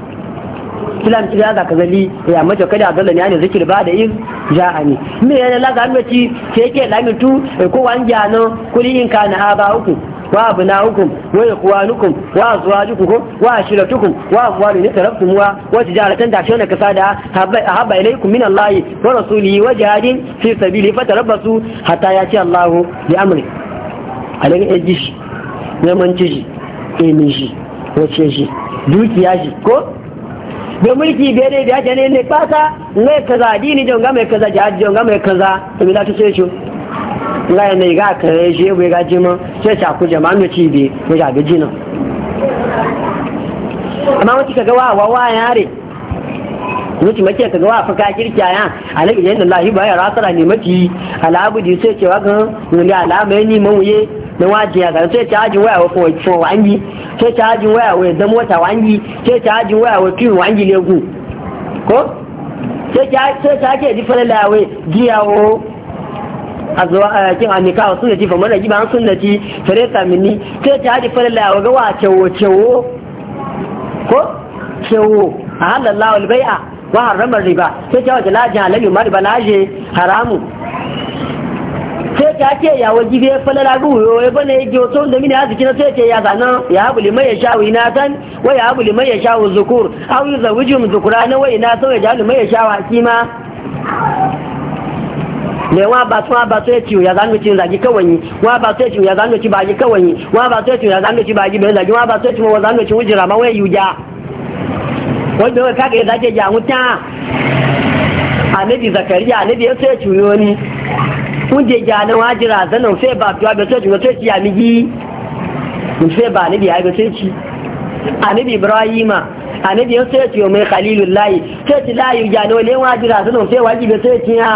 kilam kila za ka zali ya mace kada dole ne ne zikir ba da iz ja'ani me yana la ga mace ke yake lamitu eh, ko wanja no kuli in kana aba uku wa abnaukum wa ikhwanukum wa azwajukum wa ashiratukum wa amwalun tarabtum wa wa tijaratan tashawna kasada haba ilaykum min allahi wa rasulihi wa jihadin fi sabili fatarabbasu hatta yati allah bi amri alin ejishi ne manci shi emishi wace shi dukiya shi ko da mulki bere da yake ne ne fata mai kaza dini jonga mai kaza jihad jonga mai kaza to me ta ce shi la ne ga kare shi bai ga jima sai ta ku jama'a ne ci bi ko ga bijina amma wata ka wa wa wa yare mutum make ka gawa fa ka kirkiya ya alaƙi yadda lahi ba ya rasara ne mafi alabudi sai cewa kan wani alama ya neman wuye na waje ya ga sai ta hajin waya wa fo wangi sai ta hajin waya wa zama wata wangi sai ta hajin waya wa fi wangi legu ko sai ta ke ji fara lawe giyawo a zuwa a kin annika wa sunnati fa mana giban sunnati fareta samini sai ta ji fara lawe ga wa cewo cewo ko cewo a halallahu albai'a wa harama riba sai ta da lajin halali ma riba laje haramu sai ta ke ya waji bai falala ruwa ya bane ya gyoto da mini arziki na sai ce ya zana ya habu liman ya shawo ina san wa ya habu liman ya shawo zukur au yi zawijin zukura na wa ina san ya ja liman ya shawo kima le wa ba tun ba to eti ya zanu tin zagi kawai wa ba to eti ya zanu ci baji kawai wa ba to eti ya zanu ci baji bai zagi wa ba to eti wa zanu ci wujira ma wai yuja wanda wai kaga ya zake ja wuta annabi zakariya annabi ya sai cuyo ni kun je ja na wajira zanan sai ba tuwa ga sai sai ya migi mun sai ba annabi ya ga sai ci annabi ibrahima annabi ya sai ciyo mai khalilullahi sai ci la yu ja no le wajira zanan sai waji ga sai ci ha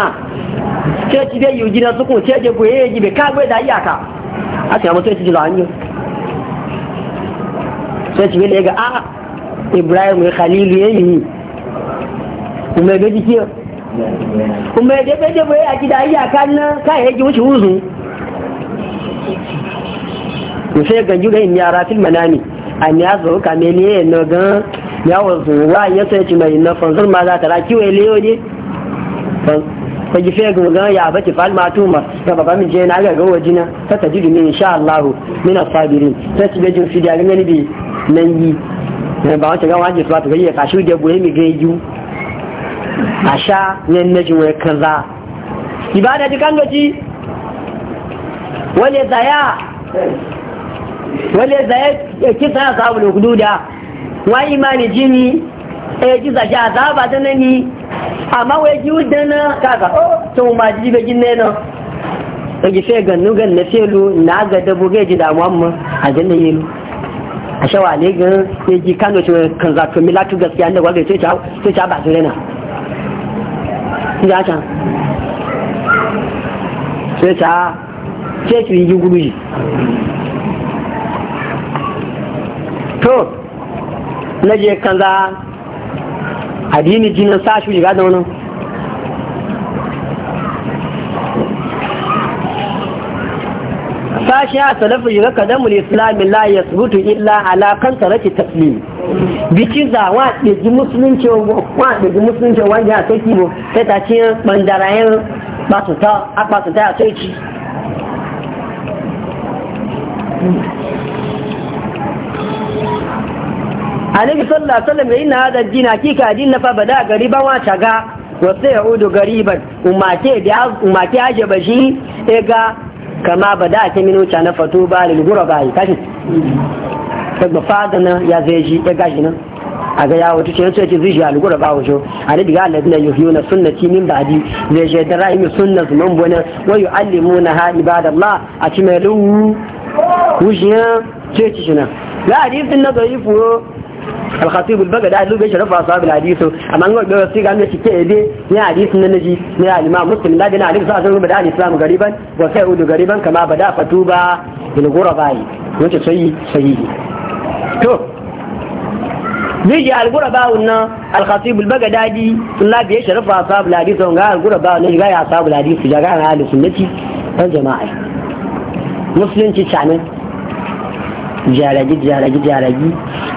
sai ci dai yu gina suku sai je goye ji be kagwe da iyaka aka mu sai ci da hanyo sai ci le ga a'a ibrahim ya khalilu ya yi kuma ya gaji kiyo kuma ya dabe da bai a gida a kan nan kai ya ji wuce wuzu ku sai ganju ga in yara fil manami an ya zo ka me ne na ga ya wazu wa ya sai ci mai na fanzur ma za ta ra kiwo leyo ne fa ji sai ga ya baki fal ma tuma ga baba min je na ga ga wajina ta tajidu ne insha Allah min as-sabirin sai ci ga jin fi da ga ne bi nan yi ne ba wancan gawa jesu ba ta gayyar kashi da goye mai gayyu a sha ne na jiwa kaza ibada ji kangaci wale zaya wale zaya kisa ya samu da hududa wa imani jini e kisa shi azaba ta nani amma wai ji wudana kaka o to ma ji be gin nena ta gife gannu gan na felo na ga dabo gaji damuwa mu a jannan yelo a shawa ne ga ya ji kano ce kan zato milatu gaskiya da gwagwai sai ta ba su rena ya can sai ta sai su yi guruji to na je kan za adini jinin sa shi shiga da wani shi ya salafu yi raka damul islami la ya surutu illa alakan kan taraki biki za wa ɗaji musulunci wa ɗaji musulunci wanda ya sai kibo sai ta ce bandarayen basuta a basuta ya sai ci annabi sallallahu alaihi wasallam yana hada jina hakika din na fa gari ba wa taga wa ya udu gariban umake umarke umake aje bashi e ga kama ba da ta minu na fato ba lil a yi kashi daga fada na ya zai shi ya gashi nan a ga yawo tuce yace ce zuciya al guraba wajo ani diga alladina yuhyuna sunnati min ba'di zai shi da ra'ayi sunnatu man bona wa yu'allimuna ha ibadallah a cimalu wujiya ce ci shi nan ga hadisin na zai fuyo الخطيب البغدادي قال له بيشرف رفع اصحاب الحديث اما ان قال سي قال شي كده دي يا حديث من ننجي يا امام مسلم لا دنا عليه صلى الله عليه الاسلام غريبا وسيعود غريبا كما بدا فتوبا للغرباء وانت صحيح صحيح تو نيجي على الغرباء ان الخطيب البغدادي لا بيش رفع اصحاب الحديث وان قال الغرباء نيجي يا اصحاب الحديث جاء على السنه يا جماعه مسلم تشانه jaragi jaragi jaragi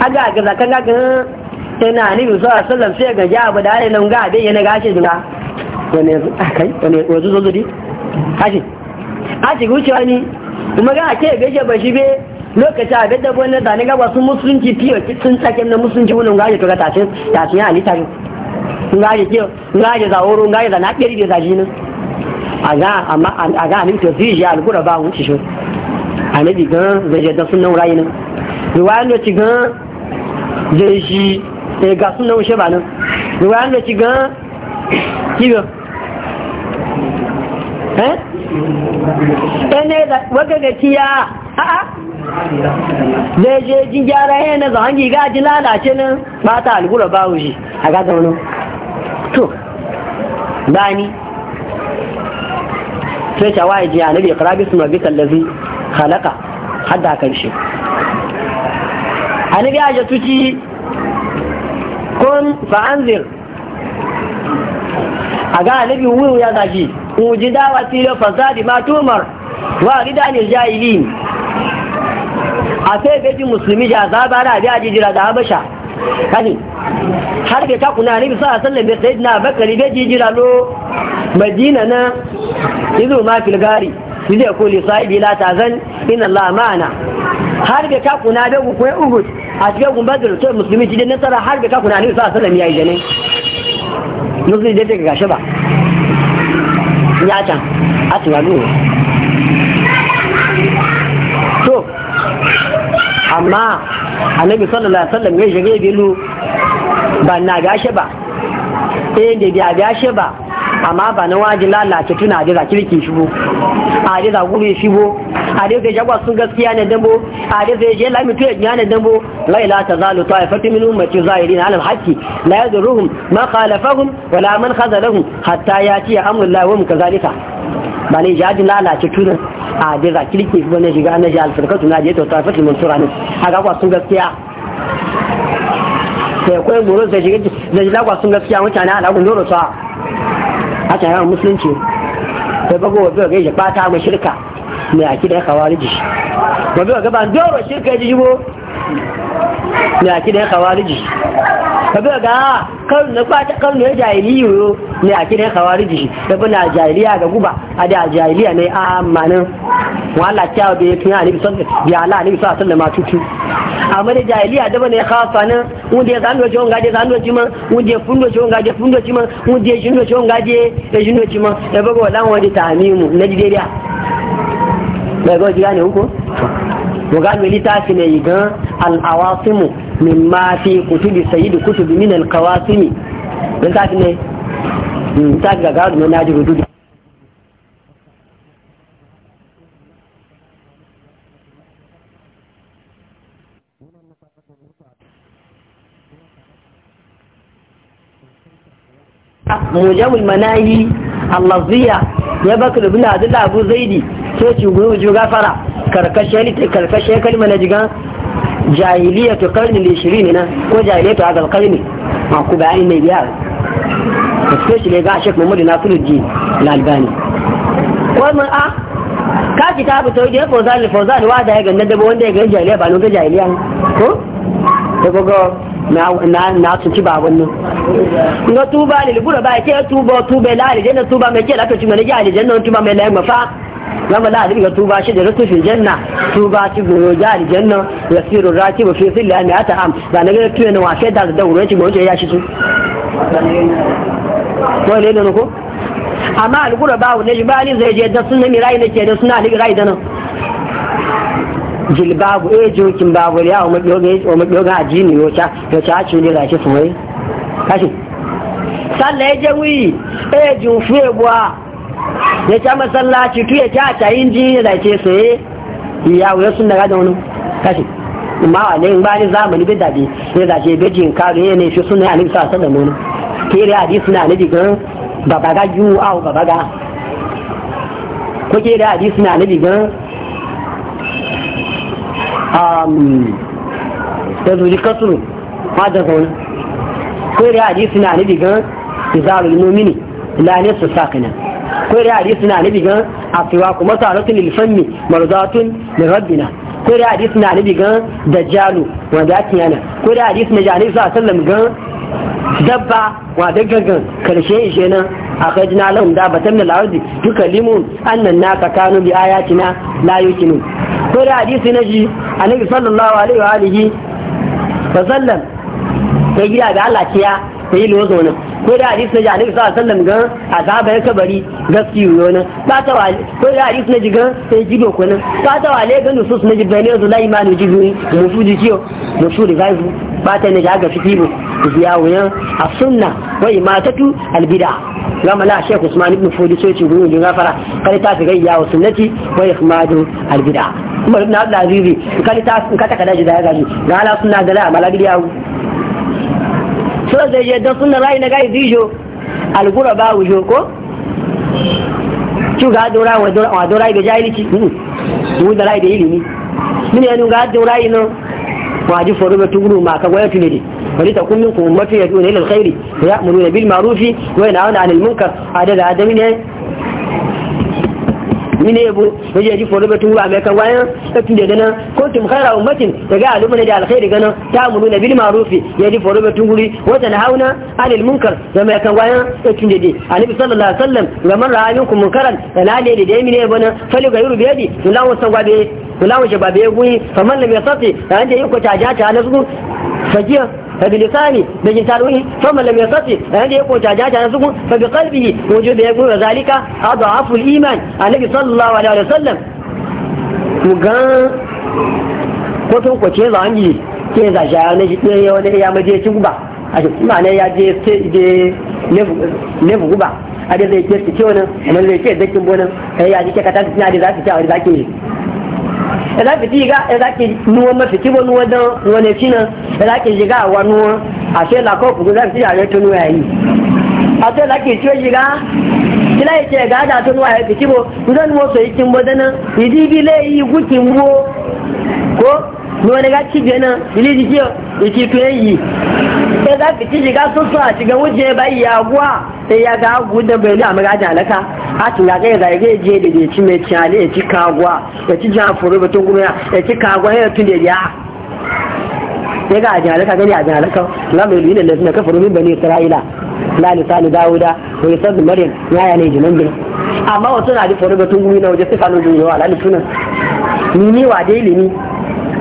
aga ga zaka ga ga tana ni bi sa sallam sai ga ja abu da nan ga bai yana gashi dinga wani akai wani wazu zo zuri hashi hashi guci wani kuma ga ake gashi ba shi be lokaci a gadda bo na zane ga wasu musulunci fiye sun tsakin na musulunci wani ga to ga tashin tashin ali tashin ga ji ke ga ji zaworo ga ji zana kiri da zaji ne aga amma a ga to zuwa ya alkura ba wuce shi anabi gan zai da sunan rayu nan riwaya da ci gan zai shi sai ga sunan wuce ba nan riwaya da ci gan kiga eh ne da waga ga kiya a a zai je jin gyara yana za hangi ga ji lalace nan ba ta algura ba wuce a ga zaune to bani sai shawaji ya nabi iqra bisu rabbikal ladzi halaka hadda kan shi annabi aje tuci kun fa'anzir a ga annabi wuyu ya gaji uji dawa tilo fasadi ma tumar wa rida ne jahilin a sai beji musulmi ja zaba na biya jijira da habasha kani har bai takuna na nabi sallallahu alaihi wasallam sai na bakari bai jira lo madina na izo ma filgari zai kuli sahibi la tazan inna Allah ma'ana har ga ka kuna da ku kai uhud a cikin gumba da to musulmi ji dan nasara har ga ka kuna ne sa sallam yayi da ne musulmi da take gashi ba ya can a tuwalu to amma annabi sallallahu alaihi wasallam ya shige bilu ba na gashi ba eh da ya gashi ba amma ba na waji lalace tuna a za kirki shi bo a da za shi bo a da zai jagwa sun gaskiya ne dambo a da zai je lami tuya ya ne dambo la ta zalu ta fatu min ummati zahirin alal haqqi la yadruhum ma khalafahum wala man khazalahum hatta yati amrullah wa mukazalika ba ne jadi lalace tuna a da kirki shi bo ne shiga na ji alfarkatu na je ta fatu min turani haka kwa sun gaskiya sai zai shiga zai sun gaskiya mutane a lagun ta ta yawan musulunci ta bago wa zuwa gaishe bata mai shirka mai aki da ya kawari ji ba zuwa gaba doro shirka ji jibo mai aki da ya kawari ji kaga ga kan na kwata kan ne jahiliyu yo ne a kidan khawariji da bana jahiliya ga guba a da jahiliya ne a amanin wala kyawu da yake ya nabi sallallahu alaihi wasallam ya nabi sallallahu alaihi wasallam tutu amma da jahiliya da bana khafa nan wunde ya zanu jo ngade zanu ji man wanda ya fundo jo ngade fundo ji man wanda ya shindo jo ngade ya shindo ji man da bago wala wani tamimu na jideriya da ga ji gane huko mu ga milita ne yi gan al-awasimu min ma fi kutubi sayyid kutubi min al-qawasimi dan ta ne ta ga ga mun naji rudu mujamul manahi allaziya ya bakar bin adil abu zaidi sai ci goyo gafara karkashe ne karkashe kalmar na jigan jahiliyatu karni lishirin na ko jahiliyatu azal karni a ku bayani mai biya especially ga Sheikh Muhammad Nasiruddin Al-Albani wannan a ka kitabu tawhid fawzan fawzan wa da ya ga nadaba wanda ya jahiliya ba jahiliya ko gogo na tunci ba wannan na tuba lil bura ba ke tuba tuba la aljanna tuba mai ke tuba mai mafa zama la ga tuba shi da rutu janna tuba shi goyo ja da janna raki ba fi filla ne ta am da na ga tuwa na washe da da wuri shi goyo ya shi su ko ne ne ko amma al qurba wa ne ba ni zai je da sunna mirai ne ke da sunna ne rai da nan jilbabu e eh, jokin babu ya o mabiyoga o mabiyoga ajini yo cha yo cha ci ne gashi su mai kashi sallaye wi e ju fuwa ya ca masallaci tu ya ca ta yin ji da ke saye ya eh. wuya sun daga da wani kashi amma a ne? ba ni zamani bi dabi ya zace bai jin kare ya ne shi suna alif sa da mu kere hadisi na nabi gan babaga yu au babaga ko kere hadisi na nabi gan um da zuri kasuru ma da zaune kere hadisi na nabi gan izalul mumini la ne su sakina ko da hadisi na nabi gan afiwa kuma salatun lil marzatun li rabbina ko da hadisi na nabi gan dajjalu wanda ake yana ko da hadisi na jani sa sallam gan dabba wa daggagan karshe ishe nan akhrajna lahum dabatan min al duka tukallimun annan na kanu bi ayatina la yuqinun ko da hadisi na ji annabi sallallahu alaihi wa alihi wa sallam ta gida da Allah ciya sai lo zo ko da hadisi na ji sallallahu alaihi wasallam gan azaba ya kabari gaski yo ne ba ta wale ko da hadisi na ji gan sai jido ko ne ba ta wale gan nusus na ji ne zulai la imanu ji zuwi mu su ji kiyo mu su da gaibu ba ta ne ga ga bu biya wuyan a sunna wa imatatu albida gama la shekhu usman ibn fudi sai ci gurin jin gafara kar ta ga gayya wa sunnati wa ihmadu albida kuma ibn abdul azizi kar ta ka ta kada ji da ya ga la sunna da la amala bidiyawu so zai je don suna rayu na gai dijo algura ba wujo ko cu ga dora wa dora ga jahilci hmm. mu da rayu da ilimi mini yanu ga dora yi nan waji faru ba tuguru ma ka gwaya tunidi wani ta kullum kuma mafi ya zuwa ilal khairi ya muru da bil marufi wai na wani anil munkar adada adami ne mine yabo waje ji foro batun ruwa mai kan wayan tattun da gana kuntum khaira ummatin daga alumma da alkhairi gana ta mulu na bil ma'rufi ya ji foro batun guri wata na hauna anil munkar da mai kan wayan tattun da dai annabi sallallahu alaihi wasallam ga man ra'a minkum munkaran ala da da mine yabo na ga yuru biyadi kula wasa gwabe kula wasa babe gui faman lam yastati an da yiko ta ja ta nasu fajiya fa bi lisani da jin tarwi fa man lam yastati da hadi ko jaja jaja su fa bi qalbihi wujudu ya gura zalika adafu al-iman annabi sallallahu alaihi wasallam ku ga ko tun ko ce za an yi ke za ja ne shi ne wani ya ci guba a shi ma ne ya je je ne guba a da zai ke ci wannan nan zai ke dakin bonan kai ya ji ke kata na da za ki ta wani zaki ẹ̀dá fìtí ìgá ẹ̀dá kì nuwọ́ mọ́ fìtí wọ́n nuwọ́ dán wọn lè fínà ẹ̀dá kì ìjìgá àwọn nuwọ́ àṣẹ làkọ́ òkùnkùn láti ààrẹ tó nuwọ́ yìí àṣẹ làkì kila ya ce ga da tun waye ki bo zan mo so yikin bo dana yidi bi le yi gukin bo ko ni wani ga ci gena ili ji kiyo iki to yi sai da ki ci ga so so a ci ga wuje ba ya gwa sai ya ga gu da bai da maga da alaka a ci ga ga ga je da je ci me ci ale ya ci kagwa ya ci ja furu batun guru ya ci kagwa ya tun da ya ya ga ajalaka gani ajalaka la mai lina ne suna kafaru min bani isra'ila la lisanu dawuda wa yasad maryam ya yana ne jinan bin amma wasu na da fara tun gumi na waje sifanu jin yawa lalu tunan ni ni wa dai limi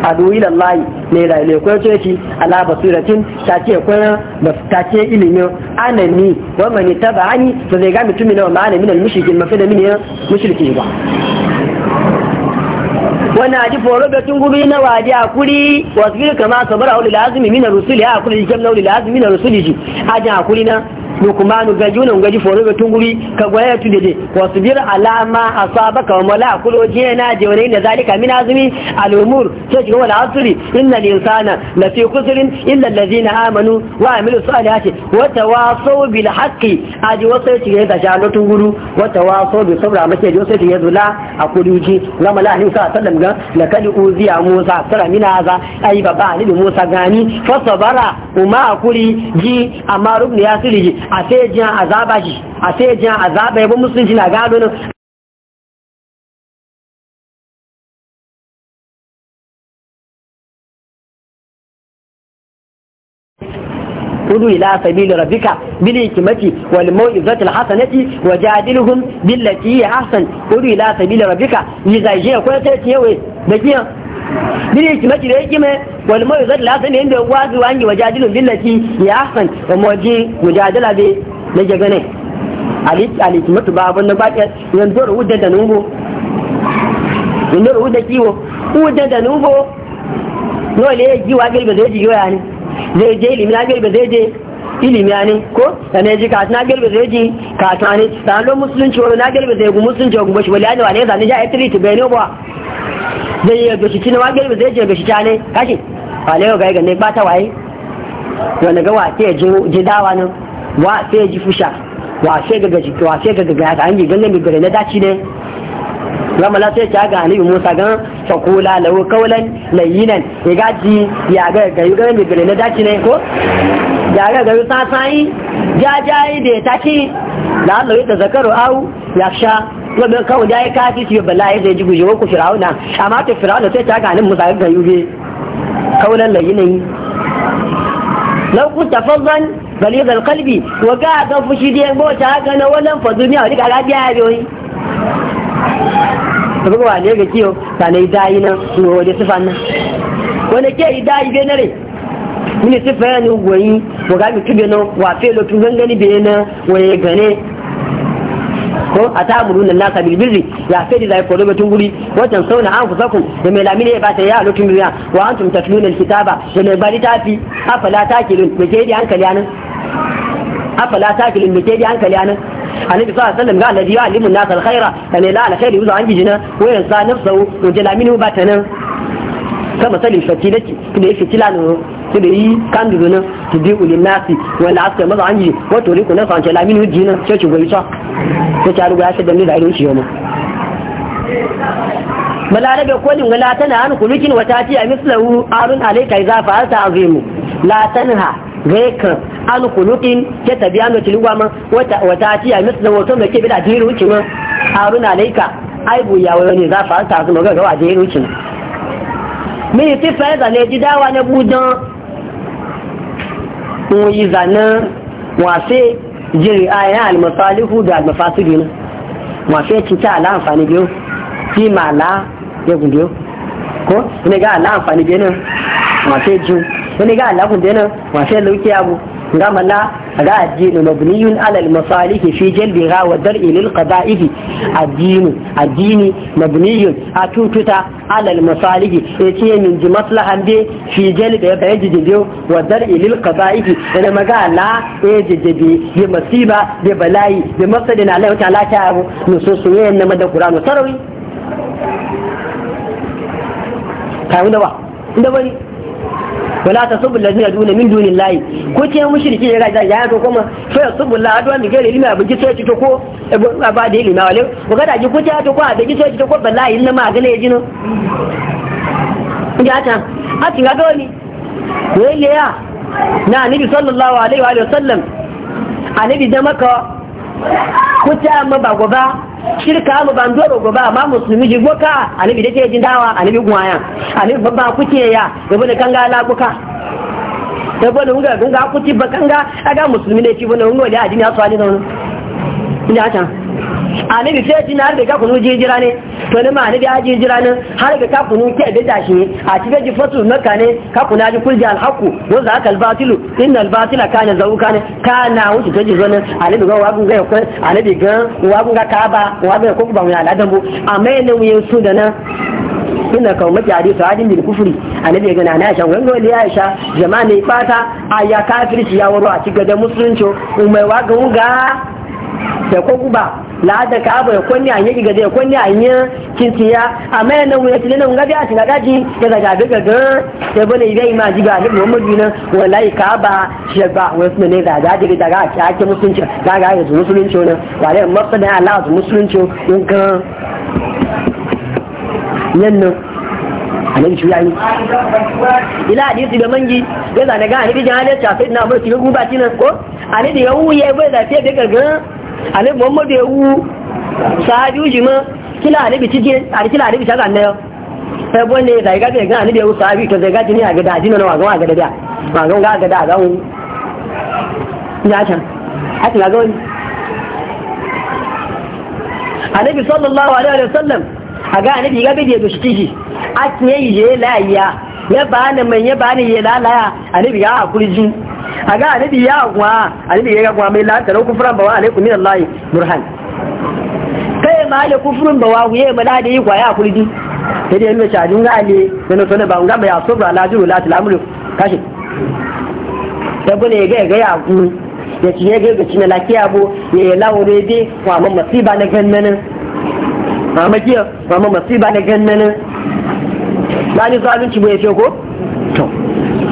adu ila allah ne da ile ko ce ci ala basiratin ta ce ko ta ce ilimin anani ta ba hanyi to zai ga mutumin na ma'ana minal al mafi da mini ya mushriki ba wannan ji foro ga tunguri na waje a kuri wasu kama a wuli lazimi min rusuli a kuri jikin na wuli lazimi min rusuli ji ajin a kuri na lukumanu ga juna foro ga tunguri ka gwaya tu dede wasu subir alama asabaka wa mala kulo je na da zalika min azmi al umur sai ji wala asri innal insana la fi khusrin illa allazina amanu wa amilu salihati wa tawasaw bil haqqi aji wasai ci ga shalo tunguru wa tawasaw bi sabra mace ji wasai ci ga zula a kuduji ga mala hin sa sallam ga la kad uziya musa sara min aza ai baba ni musa gani fa sabara kuma akuri ji amma rubni yasiri ji a sai ji a zaba shi a sai ji a zaba yabo musulunci na gado ne kudu ila sabili rabika bili hikimati wal mawizati al hasanati wajadilhum billati hi ahsan kudu ila sabili rabika yi zaje ko sai tiyewe eh, da giya bili kima kire kime wal mai zai lasan ne da wazi wangi wajadilun billati ya hasan wa maji mujadala be na jagane aliki aliki mutu babun na baki yan dora wudda da nugo yan dora wudda kiwo wudda da nugo no le ji wa gilbe zai ji yoya ne zai je limina gilbe zai je ilimi ne ko da ne ji kasu na gelbe zai ji kasu ne sanar musulunci wani na gelbe zai gu musulunci wa gumbashi wali ne wane zane ja ya tiri ti bayani ba zai yi gashi ci na wa gelbe zai je gashi ta ne kashi wale yau gai gane ba ta waye wani ga wa ke ji dawa nan wa sai ji fusha wa sai ga gaji wa sai ga gaji ta hangi gangan mai gare na daci ne ramala sai ta ga annabi Musa gan fakula lahu kaulan layyinan ya gaji ya ga yi gangan mai gare na daci ne ko yare gari sasayi jajayi da ya tashi da Allah ya zakaru au ya sha wanda kawo da ya kafi su bala ya zai ji guje ku firauna amma ta firauna sai ta ganin musa ga yube kaunan layinayi lau kun tafazan balizar kalbi wa ga ga fushi da ya bauta ga na wannan fazumiya wani kaga biya ya biyoyi ta buga ne ga kiyo ta na yi dayi nan su wajen sufan nan wanda ke yi dayi benare mini ti fẹ́ ni wòyí wògá mi kíbi náà wà fẹ́ lọ tún gángan gane ko a ta amuru na nasa bilbirri ya fẹ́ di zai kolo guri wajen sauna an fusakun da mai lamini ya bata ya a lokacin duniya wa an tumta tatluna kitaba da mai bari tafi ta takilun me ke di hankali anan afala takilun me ke di hankali anan النبي صلى الله عليه وسلم قال الذي يعلم الناس الخير كان لا على خير يوزع عن جنا وينسى نفسه وجل منه باتنا كما سلم فتيلتي كده فتيلانه su da yi kan na nan su bi ulin nasi wanda asya maza an yi to riku na sanke lamini hujji nan ce ci goyi ta sai ta ruwa ce da ni da irin shi yau ma balarabe din wala latana an kulikin wata ti a mislahu arun alayka iza fa ta azimu latanha tanha kan an kulikin, ke tabiya mai ruwa ma wata ti a mislahu wato me ke bi da jirin wuce ma arun ai bu ya wani za fa ta azimu ga ga wa jirin wuce ma me ti fa da ne dawa ne budan sun yi zanen wafe jiri a yana almasalihu da almafasidu ne wafe cinta ala amfani biyu fi ma ala ya gudu ko wani ga ala amfani biyu nan wafe jin wani ga ala biyu nan wafe lauki abu ga mala ga addini mabniyun alal masalihi fi jalbiha wa dar'i lil qada'ihi addini addini mabniyun a alal masalihi yace min ji maslahan be fi jalbiha ba yaji wa dar'i lil qada'ihi da maga la yaji jibe bi masiba bi bala'i bi mafsadin Allah ta'ala ta abu nususu yayin na madan da ba inda bari wala tasubbu allazina duna min dunillahi ko ce mushriki ya ga ya to kuma fa yasubbu allah adwa mi gari ilmi abin sai ci ko ba da wale ko ga da ji ko ta to ko da ji sai ci to ko wallahi inna ma ga ne jino ya ta a tinga doni ne na sallallahu alaihi wa sallam kuta ma ba goba shirka mu ban doro goba ma musulmi ji goka anabi da ke jin dawa anabi guwaya anabi babba kuke ya gaba da kanga la goka da bane mun kuti ba kanga aga musulmi ne ci bane mun wali ajini aswali na da ina ta annabi sai ji har da ka kunu jijira ne to ne ma annabi ya jijira ne har ga ka kunu ke da tashi ne a cikin ji fasu makka ne ka kuna ji kulja alhaqu wa za ka batilu inna batila kana zauka ne kana wuce ta jiro ne annabi ga wagun ga yakon annabi ga wagun ga kaba wagun ko ba mu ya ladan bu amma ne mu yin su da nan ina kawo maki hadisi hadin bil kufri annabi ga nana Aisha wanda ya Aisha jama'a ne fata aya kafirci ya waro a cikin da musulunci umai wagun ga da ko guba la da ka abu ya kunni anya yi da ya kunni anya kintiya amma yana mu tilina mun gabi a shiga gaji ya zaga daga gaga ya bane ya idan ma diga ne Muhammadu nan wallahi ka ba shi ba wasu ne da da diga daga ki ake musulunci ga ga yanzu musulunci ne wallahi da Allah zu musulunci in ka yanna annabi shi yayi ila hadisi da mangi ya zana ga hadisi jahalacha sai na bar shi guba tinan ko ani da yawu yayi bai da fiye da gaga ale muhammadu ya wu sahabi uji ma kila anabi cije ari kila anabi shaga annayo sai bonne da ga ga anabi ya wu sahabi to zai ga jini a ga daji na wa wa da wu ya can sallallahu alaihi a ga a yi ya mai ya bani ya lalaya anabi ya a ga anabi ya gwa anabi ya gwa mai lantar kufuran bawa alaikum min Allah burhan kai ma ala kufurin bawa wuye ma da yi kwaya kuldi sai dai mai shajin ga ale da na tona ba ngamba ya sobra la juru la tilamru kashi Da bune ga ga ya ku ya ci ga ga cin lakiya bo ya lawo ne dai wa mun masiba na ba ma makiya ma masiba na gannanin ba ni zalunci bai ce ko to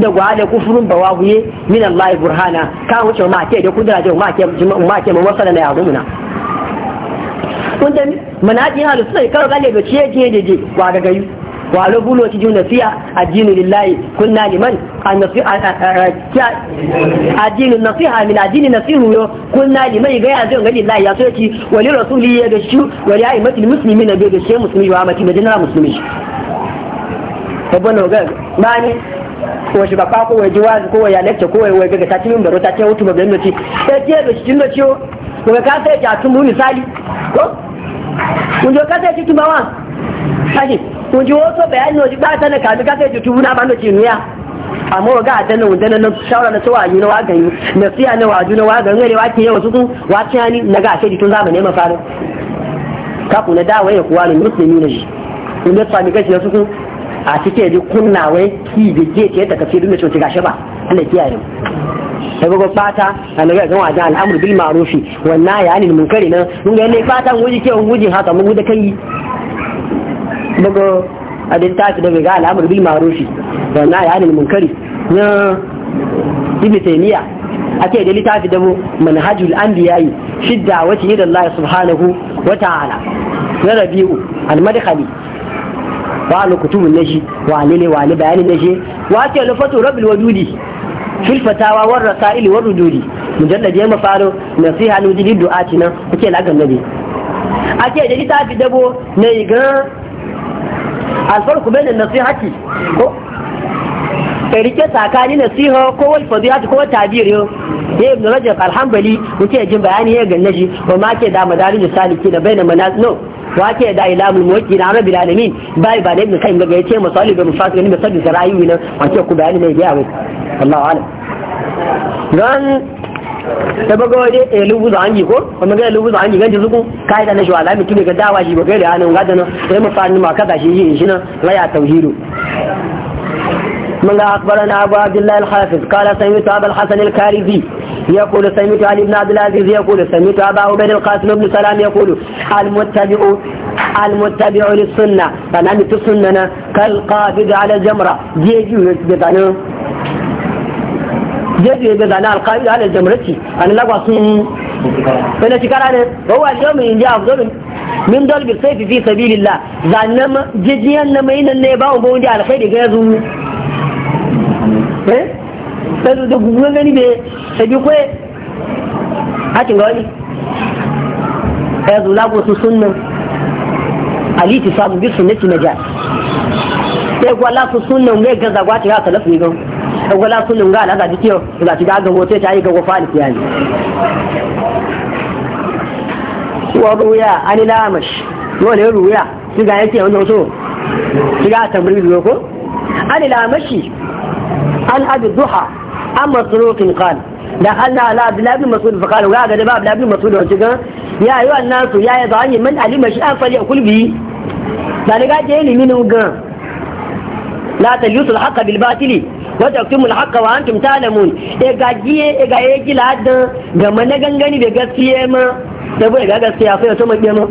da gwa da kufurin ba wa huye min Allah burhana ka wuce ma ke da kudura je ma ke ma ke ma wasala na yazo muna kun da manaji halu sai karo gale da ciye ciye da je wa ga gayu wa la bulu ci juna fiya ajinu lillahi kunna liman an nasiha ajinu nasiha min ajinu nasihu yo kunna liman ga ya zo ga lillahi ya so ci li rasuli ya da shi wali aimatul muslimin da ga shi musulmi wa amati madina ko bano ga bani ko shi ba ko wai jiwa ko wai lecture ko wai wai ga ta cikin baro ta ce hutu ba bin da ci sai ce da cikin da ciwo ko ka sai tun mu misali ko kun jo ka sai ci tumawa kashi kun jo wato bayani ji ba ta na kaji ka sai ji tumu na ba da ci niya amma ga ta ne wanda nan shawara na tawa yi na wa gani na siya ne wa juna wa gani ne wa ke yawa su wa ani na ga shi tun zamanin Ka ku na dawo ya kuwa ne musulmi ne shi kun da sami gashi su a cike ji wai ki da ke ke ta kafi duk da cuci gashi ba Allah kiyaye sai bugo fata annabi ga wajen al'amur bil ma'rufi wannan ya anil munkari nan mun ga ne fata guji ke guji haka mun guda kai daga adin tafi da ga al'amur bil ma'rufi wan nahy anil munkari na ibn taymiya ake da littafi da manhajul anbiya'i shidda wati ila Allah subhanahu wa ta'ala na rabi'u al-madkhali wa kutubun na shi wa ne wa bayani na shi wa ke lufatu rabil wadudi fil fatawa war rasail war rududi mujallad ya mafaro nasiha nu jidi du'a cinan kuke lagan nabi ake da ita fi dabo ne ga alfarku bai da nasihati ko rike tsakani nasiha ko wal fadihati ko tabiri ya ibn rajab alhambali muke jin bayani ya ganna shi wa ma ke da madarijus saliki da bainal manaz no wake da ilamul muwakki na rabbil alamin bai ba da ibn kayyim ga yace misali ga mufassir ne misali da rayuwi nan wace ku bayani ne biya mai Allahu alam dan da baga waje e lubu da anji ko kuma ga lubu da anji ganje zuku kai da na shi alami kike ga dawa shi ba kai da hanin gadan sai mu fani ma kada shi yin shi nan laya tauhidu من أخبرنا أبو عبد الله الحافظ قال سمعت أبا الحسن الكارثي يقول سميت علي بن عبد العزيز يقول سميت أبا عبيد القاسم بن سلام يقول المتبع المتبع للسنة فنعم السنة كالقافز على الجمرة جيجو يتبطنه جيجو يتبطنه القافز على الجمرة أنا لا أقصد فأنا شكرا هو اليوم إن جاء أفضل من دول بالسيف في سبيل الله jijiyan جيجيان mai nan ne ba mu ba wani ɗan da gugun gani bai sabi kwe hakin ga wani ya zula ko su sunnan aliti samu bi sunnati na jihar sai gwala su sunnan ne gaza gwata ya talafi ne gan gwala sunnan ga alaza da kiyo ga shiga ga hoto ta yi ga wafa alif yani wa ruya ani lamash wani ruya shiga yake wani hoto shiga a tambayi ko ani lamashi an abi duha an masrukin kan da Allah ala Abdullah bin Mas'ud fa qala ga da ba Abdullah bin Mas'ud wace ya yi wa nasu ya yi ya zani man alima shi an fali akul bi da ni ga je ilimi ne ga la talyusu al-haqqa bil batili wa taqtumul haqqa wa antum ta'lamun e ga giye e ga e gila da ga mana gangani da gaskiya ma da bai ga gaskiya sai to mai ma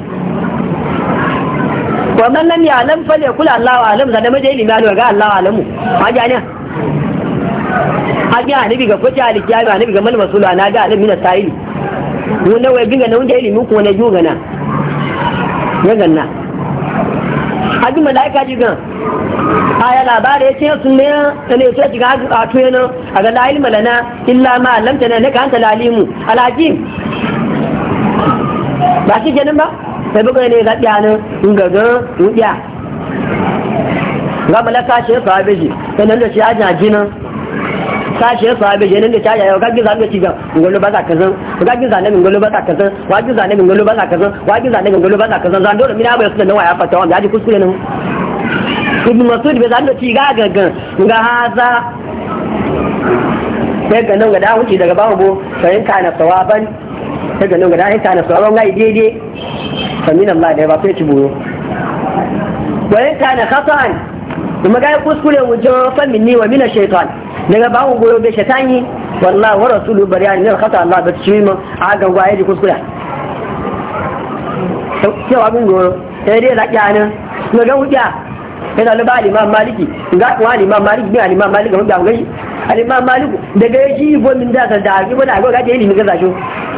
wa man lam ya'lam ne kula Allah wa alam da maje ilimi ga Allah wa alamu ma ne an yi anabi ga kwace alikiyami anabi ga mal na sa'ili wai na ilimi na gana ya ganna malaika ji aya ya ce sun ne ta ne sai ga a tuye nan a ga la'il malana illa ma lamta na ka anta lalimu alajim ba shi kenan ba sai buga ne ga tsaya in ga ga ga malaka shi da shi ajin sashe ya abin jenin da caja yau gaggiza ga ci ga ngolo ba za ka zan gaggiza ne ngolo ba za ka zan wagiza ne ngolo ba za ka zan wagiza ne ngolo ba za ka zan zan dole mina bai sunan waya fata wanda aji kuskure ne ibn masud bai zan da ci ga ga haza sai ga nan ga da wuce daga babu sawaban sai ga nan ga da sawaban ga daidai Allah da ba sai ci wa kana khata'an kuma ga kuskure wujo famin wa mina shaytan daga babu goyo bai shatani wallah wa rasulu bariyani ne khata Allah ba ci mun a ga gwaye ji kuskura cewa bin goyo sai dai lakiya ne ga hujja yana da ba imam maliki ga wa imam maliki bi imam maliki ga hujja ngai imam maliki daga yaji bo min da ta da ji ba da ga ga ni ga zasho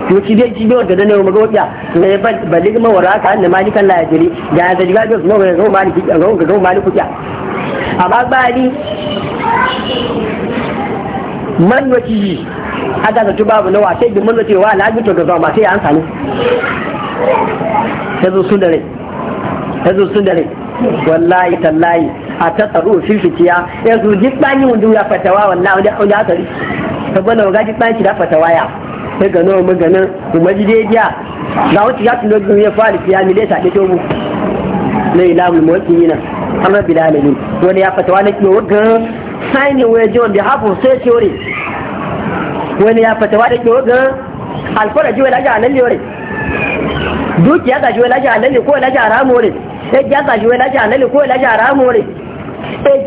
to ci dai ci dai wanda ne mu ga hujja ne ba baligi ma wara ka ne malikan la yajri ga da ji ga ga mu ga maliki ga ga maliki ya amma ba ni man yi a ga zato babu na wace bi man wace wa na to gaza zama sai an sani ta zo sun dare ta zo sun wallahi tallahi a ta tsaro fin fitiya ya zo ji tsani wanda ya fatawa wallahi wanda aka ri saboda ga ji tsani da fatawa ya sai gano nawa maganin kuma ji dai biya ga wuce ya tuno gumi ya fara fiya mi dai sake tobu na ilamu mawaki yana amma bilalamin wani ya fatawa na kiwo gan signing wani ji wanda hafin sai ce wani wani ya fata da ke wajen ji wani laji halalli wani duki ya ji wani laji halalli ko laji a ramu ori ji ga ji wani laji halalli ko laji haramu wani ori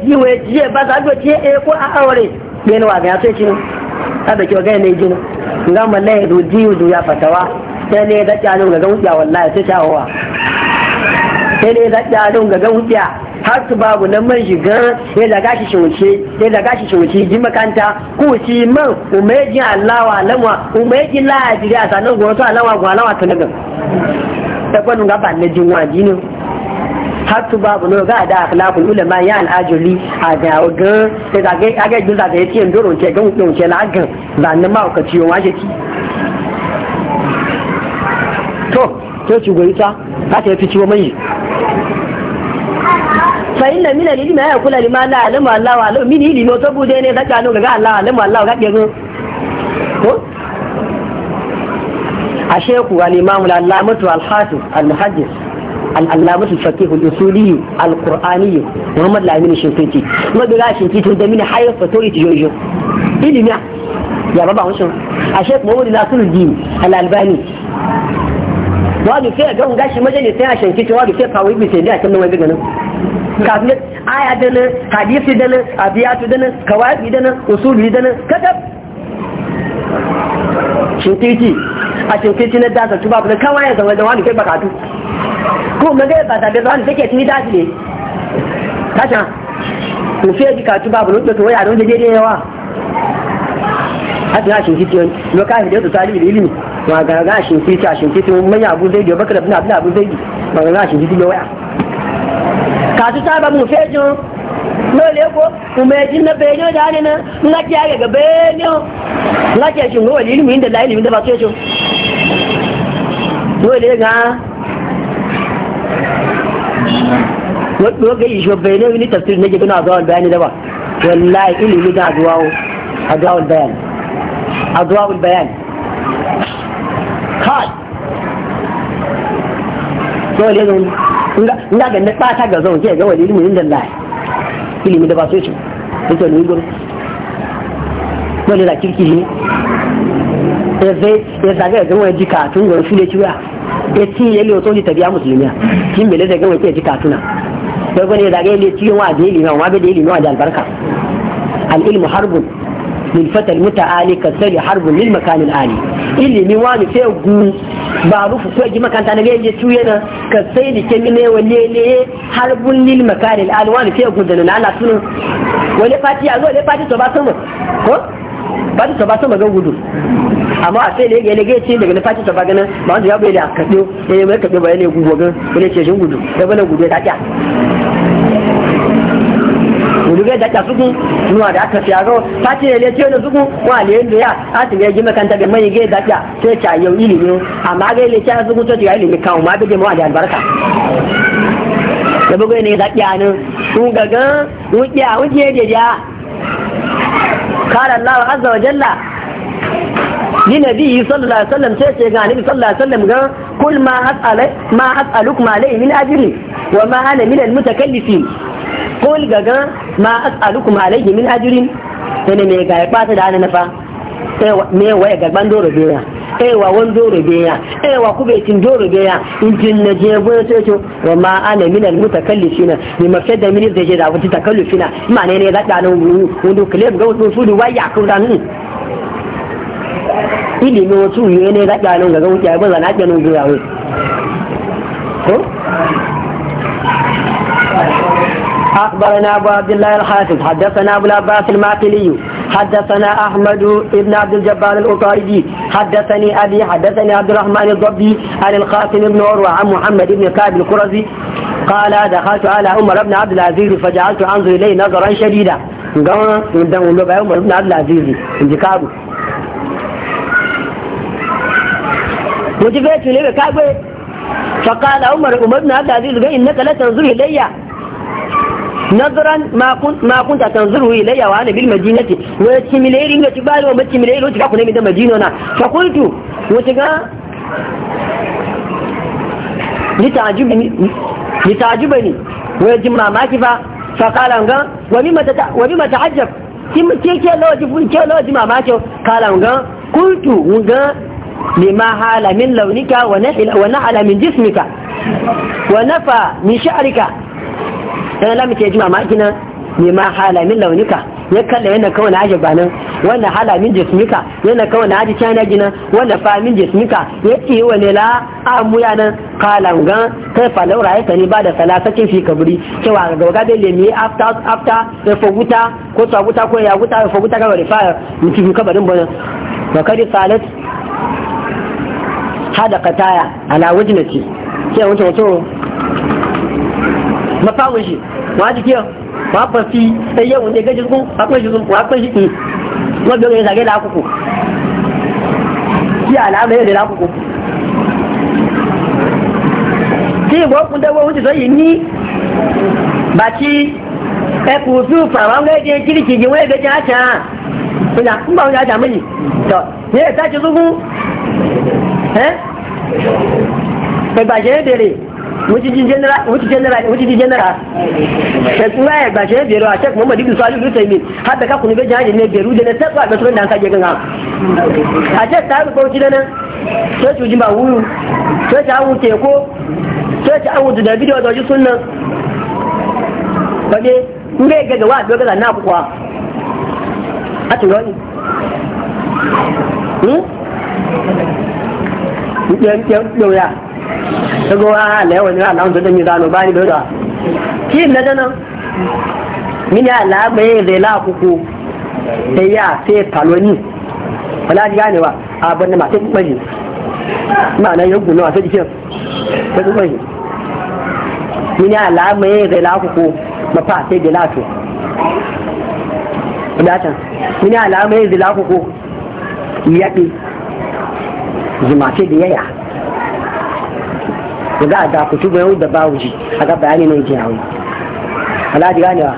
ji wani ji ba za a ce e ko a yana wa ga sai cinu ne jinu nga malla ya duji ya sai ne ya zaƙi sai sai ne har su babu nan man shiga ya daga shi shauce ya daga shi shauce ji makanta ku ci man umejin ji alawa lawa umai la ji da sanan go to alawa go alawa ta daga ta kwanu ga ban jin waji ne har su babu nan ga da akhlaqul ulama ya al'ajuri a ga ga sai da ga ga jin da ya ce ndoro ce ga mutum ce la ga ban nan ma ka ciwo wa ce to to ci goyi ta ka ta fi ciwo mai fẹ̀yìn lẹ́mí lẹ́ni ya mẹ́rin kúlẹ̀ ní máa ń lá àlẹ́mọ̀ mini àlọ́ mí bude ne ní ọtọ́ bú dé ní ẹ̀dájà ní ọ̀gá aláwọ̀ àlẹ́mọ̀ aláwọ̀ gágẹ́ gan. àṣẹ́kù alimami alámọ́tò alhassu alhajjis al fakihu usuliyu alqur'aniyu muhammad lamini shinkiti ma bi rashin titun da mini hayar fatori ti yoyo ilimi ya baba wancan a shek muhammad nasiru dini al'albani wani fiye ga gashi majalisa ya shinkiti wani fiye kawai bi sai da kan nan wani ganin kafin aya dana hadisi dana abiyatu dana kawai dana usuli dana kadab titi a shinkiti na dasa tuba kuma kawai ya zama da wani kai bakatu ko maga ba ta da wani take tuni dasi ne kasha mu sai ji katu babu lokacin to waya don da daidai yawa hadin shinkiti lokacin da ta talibi ilimi ma ga ga shinkiti a shinkiti mun manya abu zai da bakar abin abin abu zai ma ga shinkiti da waya kasu saba mu n'o le ko kuma na benyo da ne na na ki aga ga benyo na ki shin go wali min da la ilmi da ba ke shin dole ga wato ga isho benyo ni tafsir ne gina zuwa bayani da ba wallahi ilmi da zuwa adwa bayan adwa bayan kai dole ne nga ga na bata ga zon ke ga wani ilimin inda Allah ilimi da ba su, so shi ita ne gurin wani da kirki ne ya zaga ga wani jika tun ga su ne ciwa ya ci ya liyo tsohi tabiya musulmiya kin mele zai ga wani ke jika tuna sai gwani ya zaga ya liyo ciwon wa da ilimi wa da ilimi wa da albarka al-ilmu harbun lil fata al-muta'ali kasali harbun lil makan al-ali ilimi wa ne sai gu ba rufu ko ji makanta na gaje tuye na ka sai da ke ne wale ne har bun lil makari alwan fi gudan na Allah tunu wani fati a zo wale fati to ba sama ko ba to ba sama ga gudu amma a sai ne ga ne gaje daga na fati to ba gana ba wanda ya bai da kaɗo eh mai kaɗo ba ne gugu ga wale ce shin gudu da bana gudu ta ta ruga da ta suku nuwa da aka fiya ga ta ce le ce da suku wa le da ya a ti ga makanta da mai ga da ta ce ta yau ilimi amma ga le ta suku to ga ilimi kawo ma bige mu da albarka da bugo ne da kyanu su ga ga wuya wuce da ya قال الله عز وجل لنبيه صلى الله عليه وسلم تيتي قال النبي صلى الله عليه وسلم قال كل ما أسأل ما أسألكم عليه من أجري وما أنا من المتكلفين kol gaga ma as'alukum alayhi min ajrin ene me ga ba ta da ana nafa me waya gaban doro biya ewa wani doro biya ewa kube tin doro biya tin na je boye to to wa ma ana min al mutakallifina ni ma mafsada min da je da wuta takallifina ma ne ne da da nan do claim ga su fudu waya ku da ili ilimi tu yi ne da da nan ga wuta ba na ake nan gura ko أخبرنا أبو عبد الله الحافظ حدثنا أبو العباس الماقلي حدثنا أحمد بن عبد الجبار الأطاردي حدثني أبي حدثني عبد الرحمن الضبي عن القاسم بن عروة عن محمد بن كعب القرزي قال دخلت على عمر بن عبد العزيز فجعلت أنظر إليه نظرا شديدا قال عمر بن عبد العزيز انتكابه وجبت إليه فقال عمر عمر بن عبد العزيز إنك لا تنظر إلي nazaran ma ta tanzuru ilayya wa ana bil madinati wa timileri ga tibali wa timileri wa tikakune mi da madina na fa kuntu wa tiga litajibani litajibani wa jimma maki fa fa qala nga wa mimma ta wa mimma ta'ajjab kim ke ke ke mamaki qala nga kuntu nga lima hala min launika wa nahila wa nahala min jismika wa nafa min sha'rika yana lamu muke jima makina ne ma halamin launika ya kalla yana kawai na aji banan wanda halamin jismika yana kawai na aje cana gina fa famin jismika ya ce wa ne la amu ya nan kai falaura ya tani ba da salasacin fi kaburi cewa ga gaba bai lemi after ya ko tsaguta ko ya guta ya foguta ga wani fire mutum kabarin bana wa kadi salat hada kataya ala wajnati sai wancan wato mafawun shi ma ji kiyo ma fafi sai yau ne gaji sun akwai shi sun akwai shi kuma ne zage da akuku ki alama yau da akuku ki bo kun da wuce sai ni ba ci e ku su fara ga je kirki ji wai ga ja ta kuna kun ba ja ta miji to ne ta ci zugu eh bai ba je dare mutijin general mutijin general sai kuma ya ba shi biyar a shek muhammad ibn salih al-usaymin har da kakuni bai jihadi ne biyar da na tabba da sunan da an sake gan a ce ta rubuta da nan sai su jima wuyu sai ta hawu teko sai ta hawu da bidiyo da wajen sunan bane in bai gaga wa doga da na kuwa a tuwani ɗauya ta go a ah, la yawa ne Allah to da mi zano bani ki na da min ya la mai zai la kuku sai ya sai paloni wala ji gane wa abin da ma sai kuma ji ma'ana ya guna wa sai jikin sai kuma ji min ya la mai zai la kuku mafa sai da lato datan min ya la mai zai la kuku yaɗi jimace da yaya ga a da kutu bayan da ba wuji a ga bayani mai ke hawi alhaji ganewa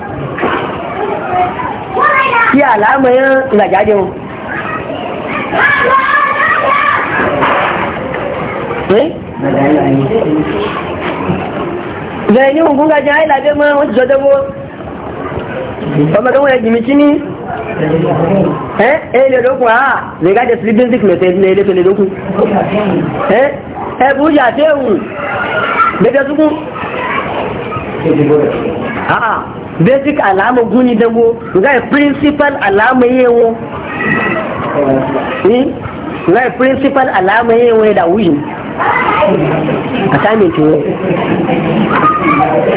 ki alamayin lagajin eh? zai ne hukun gaji haila bai mana wata jadabo ba magan wani gimici ni eh eh le dokun ha ah, zai gaji sleeping sickness ne lefe le dokun eh ẹ̀bù yàtẹ̀ ẹ̀wù bẹ́ẹ̀ tukú. A'a ah, basic alama principal hmm? principal alama da assignment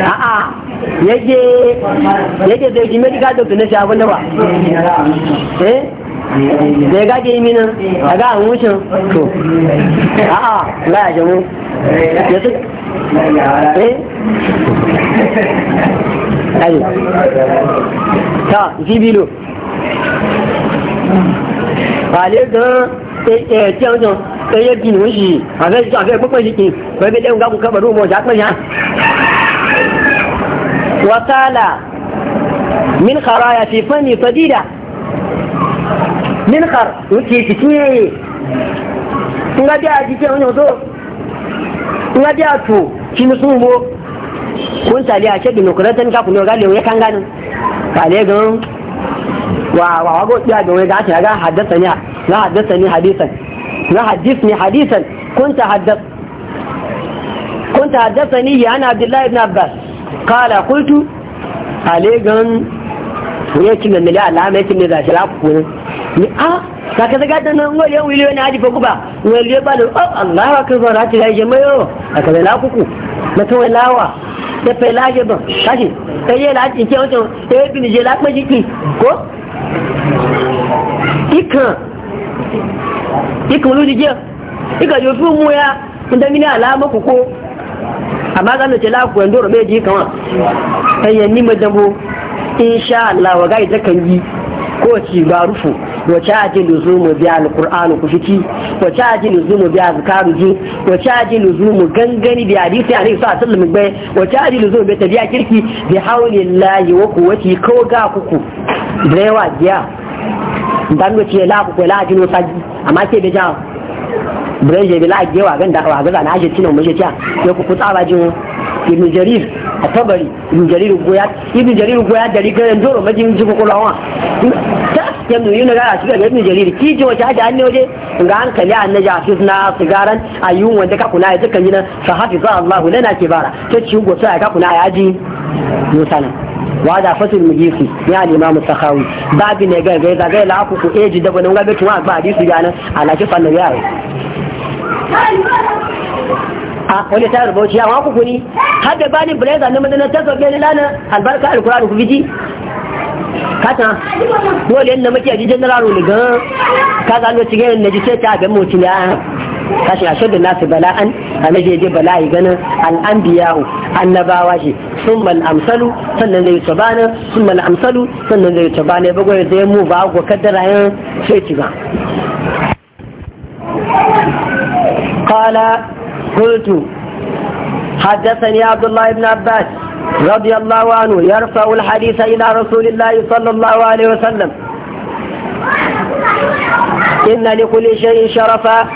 ah, ah. medical doctor na shi abin ba eh da ya gaje a ga a wucin to a'a la ya jamu ya su eh ayi ta jibilo ba le gan eh eh tiyan ẹyẹ bí ní wọ́n yìí àfẹ́ ìjọ àfẹ́ púpọ̀ ìṣìkì pẹ̀lú ẹ̀hùn gágùn kẹbẹ̀rún ọmọ ọjà pẹ̀lú wàtàlà min kharaya fi fanni fadida min kar wuce fitiye nga dia jike onyo do nga dia tu kinu sumbo kun tali a shegi nukuratan ka kuno gale we kan ka le gan wa wa wago dia don we ga ta ga haddasa ni na haddasa ni hadisan na hadis ni hadisan kun ta haddas kun ta haddasa ni ya ana abdullahi ibn abbas kala qultu alegan gan ne kin da mila alama kin da shi la ku ne ni a saka daga da nan wale wile ne aji faguba wale ba da oh Allah ka zo rati ga jama'a yo aka da lakuku na to lawa da fa laje ba kashi sai ya lati ke wato sai bin je la kuma jiki ko ikan ikan lu dije ikan yo fu mu ya inda mini alama ku amma zan ce la ku ndoro me ji kama sai ya ni madabo insha Allah wa ga ita kan yi ko ci ba rufu wace aji luzumu biya alqur'anu ku fiki wace aji luzumu biya azkaru ji wace aji luzumu gangani bi hadisi alaihi sallallahu alaihi wasallam wace aji luzumu bi tabiya kirki bi haulillahi wa quwwati ko ga kuku drewa giya dan wace la ku la ajin wasa amma ke da jawo breje bi la gewa ganda wa gaza na aje tinan mushe tiya ya ku kutsa ba jin ibn jarir a tabari ibn jarir goya ibn jarir goya dari ga doro majin ji ko lawa yanzu yi naga a shiga ibn jariri ki ji wace haji an ne waje ga hankali a na jafis na sigaran ayyun wanda ka kula ya dukkan yi nan fa hafiza Allah lana kibara to ci go sai ka kakuna ya ji musana wa da fatul mujisi ya al-imam sakhawi babi ne eh, ga ga zagaya la ku eji da bana ga tuwa ba bisu ga a ala ki fannin ya a wani ta rubuci yawa ku kuni har da bani blazer na madana ta zobe lana albarka alquran ku biji kata dole yadda muke ji general ne ga ka zalo cikin na ji sai ta ga mutum ya kashi ashar da nasu bala'an a na jeje bala'i ganin al'ambiyahu annabawa shi sun mal amsalu sannan zai tabana sun mal amsalu sannan zai tabana ya bagwai zai mu ba ga kaddara yan sai ci ba kala kultu حدثني عبد الله بن عباس رضي الله عنه يرفع الحديث إلى رسول الله صلى الله عليه وسلم إن لكل شيء شرفا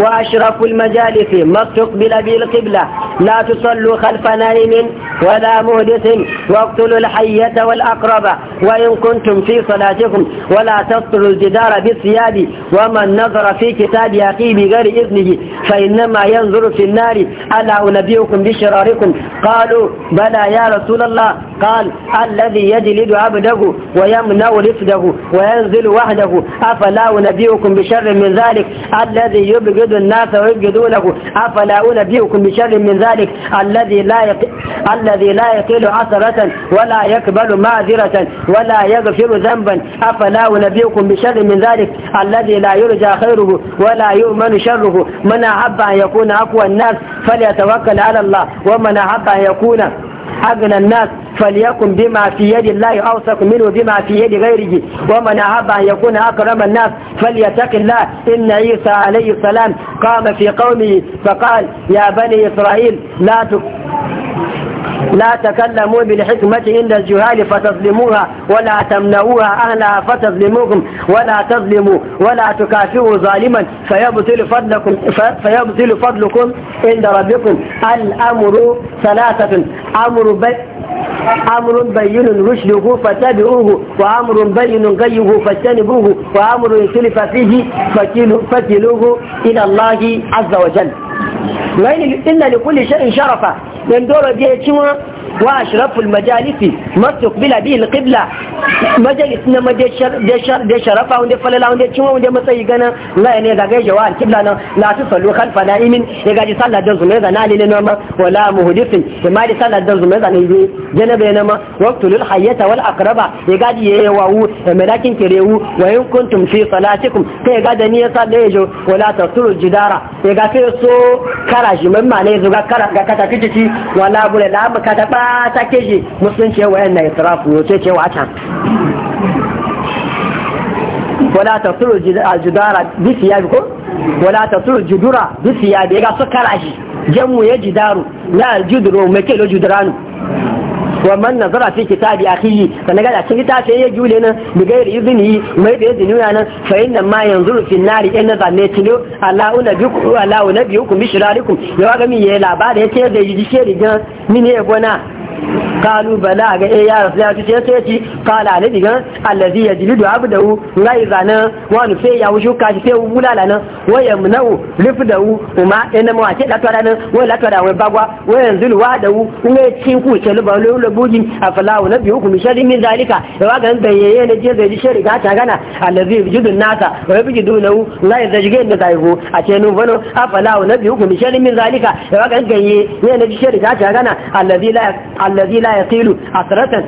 وأشرف المجالس ما استقبل به القبلة لا تصلوا خلف نائم ولا مهدث واقتلوا الحية والأقرب وإن كنتم في صلاتكم ولا تسطروا الجدار بالثياب ومن نظر في كتاب أخيه بغير إذنه فإنما ينظر في النار ألا أنبئكم بشراركم قالوا بلى يا رسول الله قال الذي يجلد عبده ويمنع رفده وينزل وحده أفلا أنبئكم بشر من ذلك الذي يبغض الناس ويبغضونه أفلا أنبئكم بشر من ذلك الذي لا الذي لا يقيل عثرة ولا يقبل معذرة ولا يغفر ذنبا أفلا أنبئكم بشر من ذلك الذي لا يرجى خيره ولا يؤمن شره من أحب أن يكون أقوى الناس فليتوكل على الله ومن أحب أن يكون أغنى الناس فليكن بما في يد الله أوثق منه بما في يد غيره ومن أحب أن يكون أكرم الناس فليتق الله إن عيسى عليه السلام قام في قومه فقال يا بني إسرائيل لا تكفر لا تكلموا بالحكمة عند الجهال فتظلموها ولا تمنعوها أهلها فتظلموكم ولا تظلموا ولا تكافئوا ظالما فيبطل فضلكم فيبطل فضلكم عند ربكم الأمر ثلاثة أمر بي أمر بين رشده فتبعوه وأمر بين غيه فاجتنبوه وأمر يختلف فيه فكلوه إلى الله عز وجل وإن إن لكل شيء شرفا dandoro je ci ma وأشرف المجالس ما تقبل به القبلة مجالس نما دي شر شر دي دي شرفة وندي فللا وندي تشوى وندي مسيقنا لا يعني إذا جاي جوال قبلة لا تصلوا خلف نائم إذا جاي صلى درز ميزة نالي لنما ولا مهدف ما دي صلى درز ميزة نيجي جنب ينما وقت للحياة والأقربة إذا جاي يواو ملاكين كريو وإن كنتم في صلاتكم كي قد نية صلى ولا تصل الجدار إذا كي سو كراجي مما نيزو كراجي كتاكتشي ولا بولا لا مكتاكتشي ba ta keji musulunci yawa yana israfu yau ce cewa can wala ta turu jidara bisi ya bi ko wala ta turu jidura bisi ya bi ga su kara shi jamu ya jidaru na aljiduro mai ke lo nu? wa man nazara fi kitabi akhihi kana ga cikin tace ya jule nan bi gairi izini mai da izini ya nan fa inna ma yanzuru fi nari inna zanne tilo ala unabiku ala unabiku bi shirarikum yawa ga mi ya labari yace da yi shiri gan mini e bona kalu bala ga eh ya rasu ya ce sai ci kala ne digan allazi jiridu abdahu ngai zana wani nu fe ya wushu kashi fe wulala nan wa yamnau rifdahu kuma ina mu ake latwara nan wa latwara wa bagwa wa zulu wadawu da wu ne ci ku ce luba lulu bujin afala nabi hukum sharri min zalika wa ga da yeye ne je zai shari ga ta gana allazi yajlidu nasa wa yajidu lahu ngai zajige ne zai go a ce nu bano afala wa nabi hukum sharri min zalika wa ga ganye ne ne shari ga ta gana allazi la allazi la ya tilu a hasratan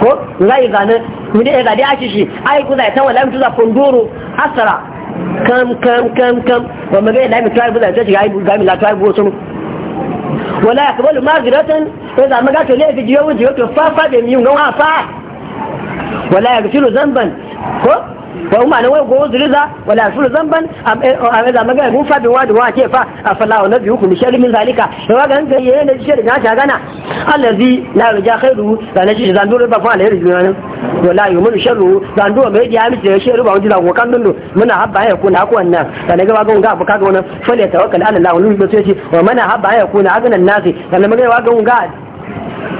ko zai gane mu da e ga dai ake shi ai ku zai tawa lamu za funduru asara kam kam kam kam wa maga dai tuwa bu zai ta ai ga mi la tuwa bu sun wala ya kabalu yaqbalu mazratan e za maga to le fi jiyo wuji to fa fa be mi ngawa fa wala ya kilu zamban ko wa umma na wai gowo zuriza wala sulu zamban eh, oh, eh, a da magana gun fa bin wadu wa ke fa afala wa nabi hukum shari min zalika da wa ganin shari na na rija khairu da na shi ba fa mai da shari kokan muna ya kuna wannan da na ga wannan ala sai ce wa mana ya kuna nasi da na ga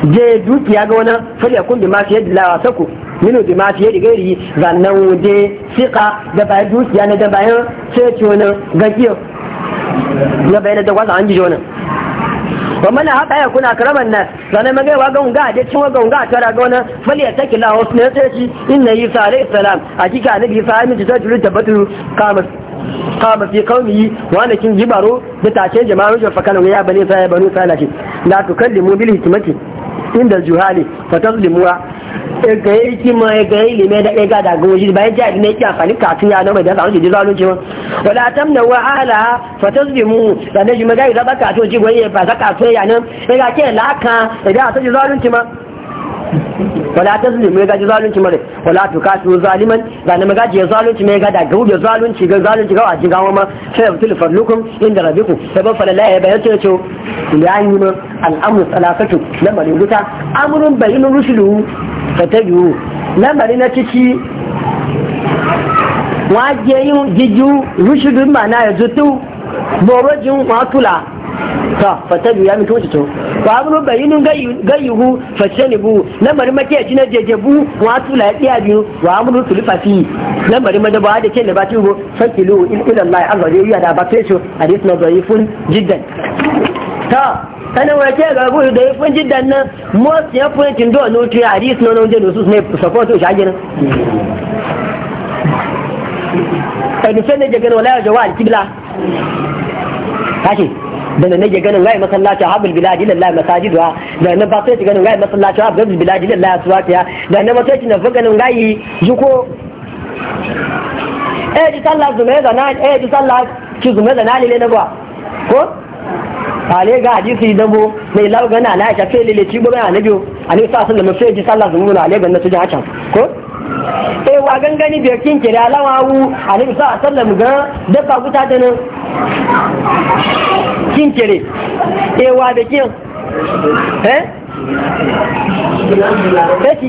je dukiya ga wannan kun bi ma fi yadda la wa minu di ma fiye diga yi ga nan wude sika da bayan dukiya ne da bayan sai wani ga iya da kwasa an ji jonin kwamman na haka ya kuna karamar nan zane magai wa gan ga ce cewa gan ga a tara gona fali ya taki la wasu ne sai in inna yi sa alayhi salam a kika na gisa ya minci tattalin tabbatar kamus kama fi kawai yi wani kin yi baro da tashe jama'a rujo fakanin ya bane sa ya bane sa lafi da ku kalli mobil hikimati inda juhali fa taslimura e ga yi kima e ga yi lime da e ga da goji bayan jihadi ne ki amfani kafin ya nan bai da sanin jijin ma. ba atam tamna wa ala fa taslimu da ne shi magana da baka to ji goyi fa saka to ya nan e ga ke laka e da sanin zalunci ma wala ta zulmi mai gaji zalunci mare wala to ka to zaliman zalim mai gaji zalunci mai gada ga ube zalunci ga zalunci ga ajin gawo ma sai ya fitul farlukum inda rabiku sai ban fala ya bayan ce ce yayi ma al'amru salakatu lamarin wuta amrun bayyinun rusulu fatabiu lamarin na ciki waje yin jiju rushudun ma na yanzu tu borojin watula ta fatabi ya mito to ba abu bayinun gayyuhu fashanibu lamarin makiyaci na bu wa tula ya biyu wa amuru tulufa fi lamarin madaba da ke da batu go fakilu ila Allah Allah zai yi da ba sai shi hadith na dhaifun jiddan ta Kana wa ke ga gudu da yafin jiddan nan most ya fi kin do no tuya hadith no no jenu sus ne support shi ajin kai ne sai ne jagan wala jawal kibla kashi da na nage ganin gai masallacin habul biladi lillahi masajidwa da na ba sai ganin gai masallacin habul biladi lillahi aswatiha da na masallaci na ganin gai juko eh di sallah zume da na eh di sallah ki zume da na lele na ba ko ale ga hadisi da mu mai lau gana na ya fe lele ci gobe a annabi sa sun da mu sai di sallah zume na ale ganna su ji can ko eh wa gangani biyar kin kira lawawu annabi sa sallallahu sa wasallam ga da ba guta da nan kin kere ewa da kin eh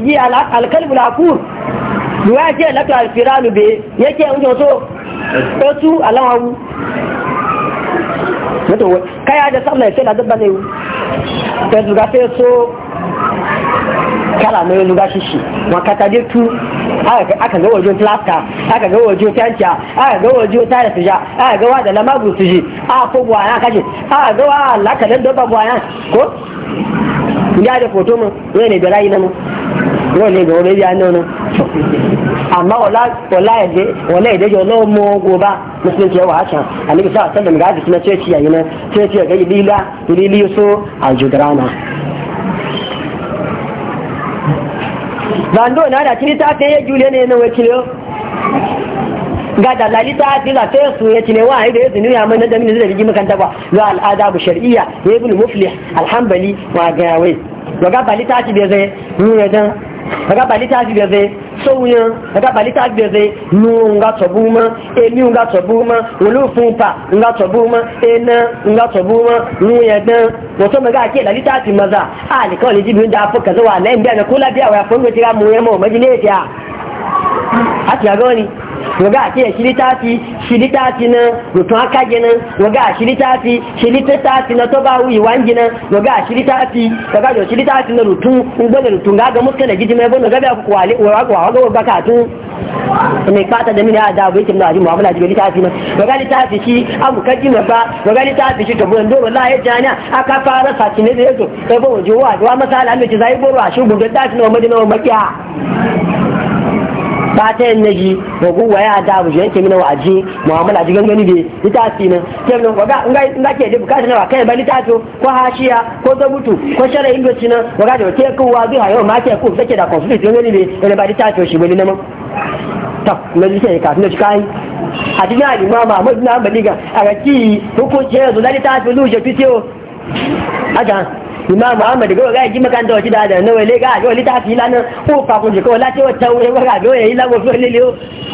ji ruwa ke lati alfiranu be yake yanzu e, so otu alawawu kaya da sallah sai da dabba ne ta zuga so kala na elu ga shishi makata je tu aka ga wajen plasta aka ga wajen tantiya aka ga wajen tare su aka ga wada lamabu su ji a ko buwana kaje aka ga wa laka da dabba buwana ko ya da foto mu ne ne da rayi na mu ne ga wani ya amma wala ya je wala ya je wala mu goba musulunci yawa haka annabi ga hadisi na ce ciyayi na lila lili so ndo na da tinita ta yi ne na ga da lalita ce za ta su ya cile wa da yasu nuna mai da mini da bigi makanta ba ga al'ada bu shar'iyya ya ibn muflih alhambali wa ga wai ga bali ta ci da zai nuna dan ga bali ta ci da zai sauyin ga bali ta ci da zai nu nga tobu ma emi ga tobu ma wulu funpa nga tobu ma ena nga tobu ma nu ya dan wato maga ke dali ta ci maza a ni kawai jibin da afuka zuwa na inda da kula biya wa ya fungo tira mu ya mu majine ta a ti ga wani waga ce shiri litafi shi litafi na rutun aka gina waga shi litafi shi litafi na toba wuyi wangi na waga shi litafi waga yau shi litafi na rutun ungwani rutun ga ga muska da gidi mai bane gabi aku wa waga waga baka tun ne fata da mini a da abu yake mulaji mu'amala jibe litafi na waga litafi shi abu kaji na ba waga litafi shi tabbunan dole la ya jana aka fara saki ne da yato sai ba waje wa da wa masala mai zai boro a shugun da tafi na wa madina wa makiya bata yin naji ga guwa ya da abu yanke mina wa a mu'amala ji gangani be litafi nan ke nan waga in ga ke da bukata na kai ba litafi ko hashiya ko zabutu ko shara indoci nan waga da ke kuwa zuwa yau ma ke ku sake da conflict gangani be ne ba litafi shi bane nan ta na ji sai ka tuna shi kai a dina alimama amma dina baliga a ga ki hukunci yanzu da litafi lu je fitiyo imam muhammad ga ga ji makanta wace da da nawa le ga ga lita fi lana ko fa ko ko la ce wata wai ga ga yayi la gofi le yo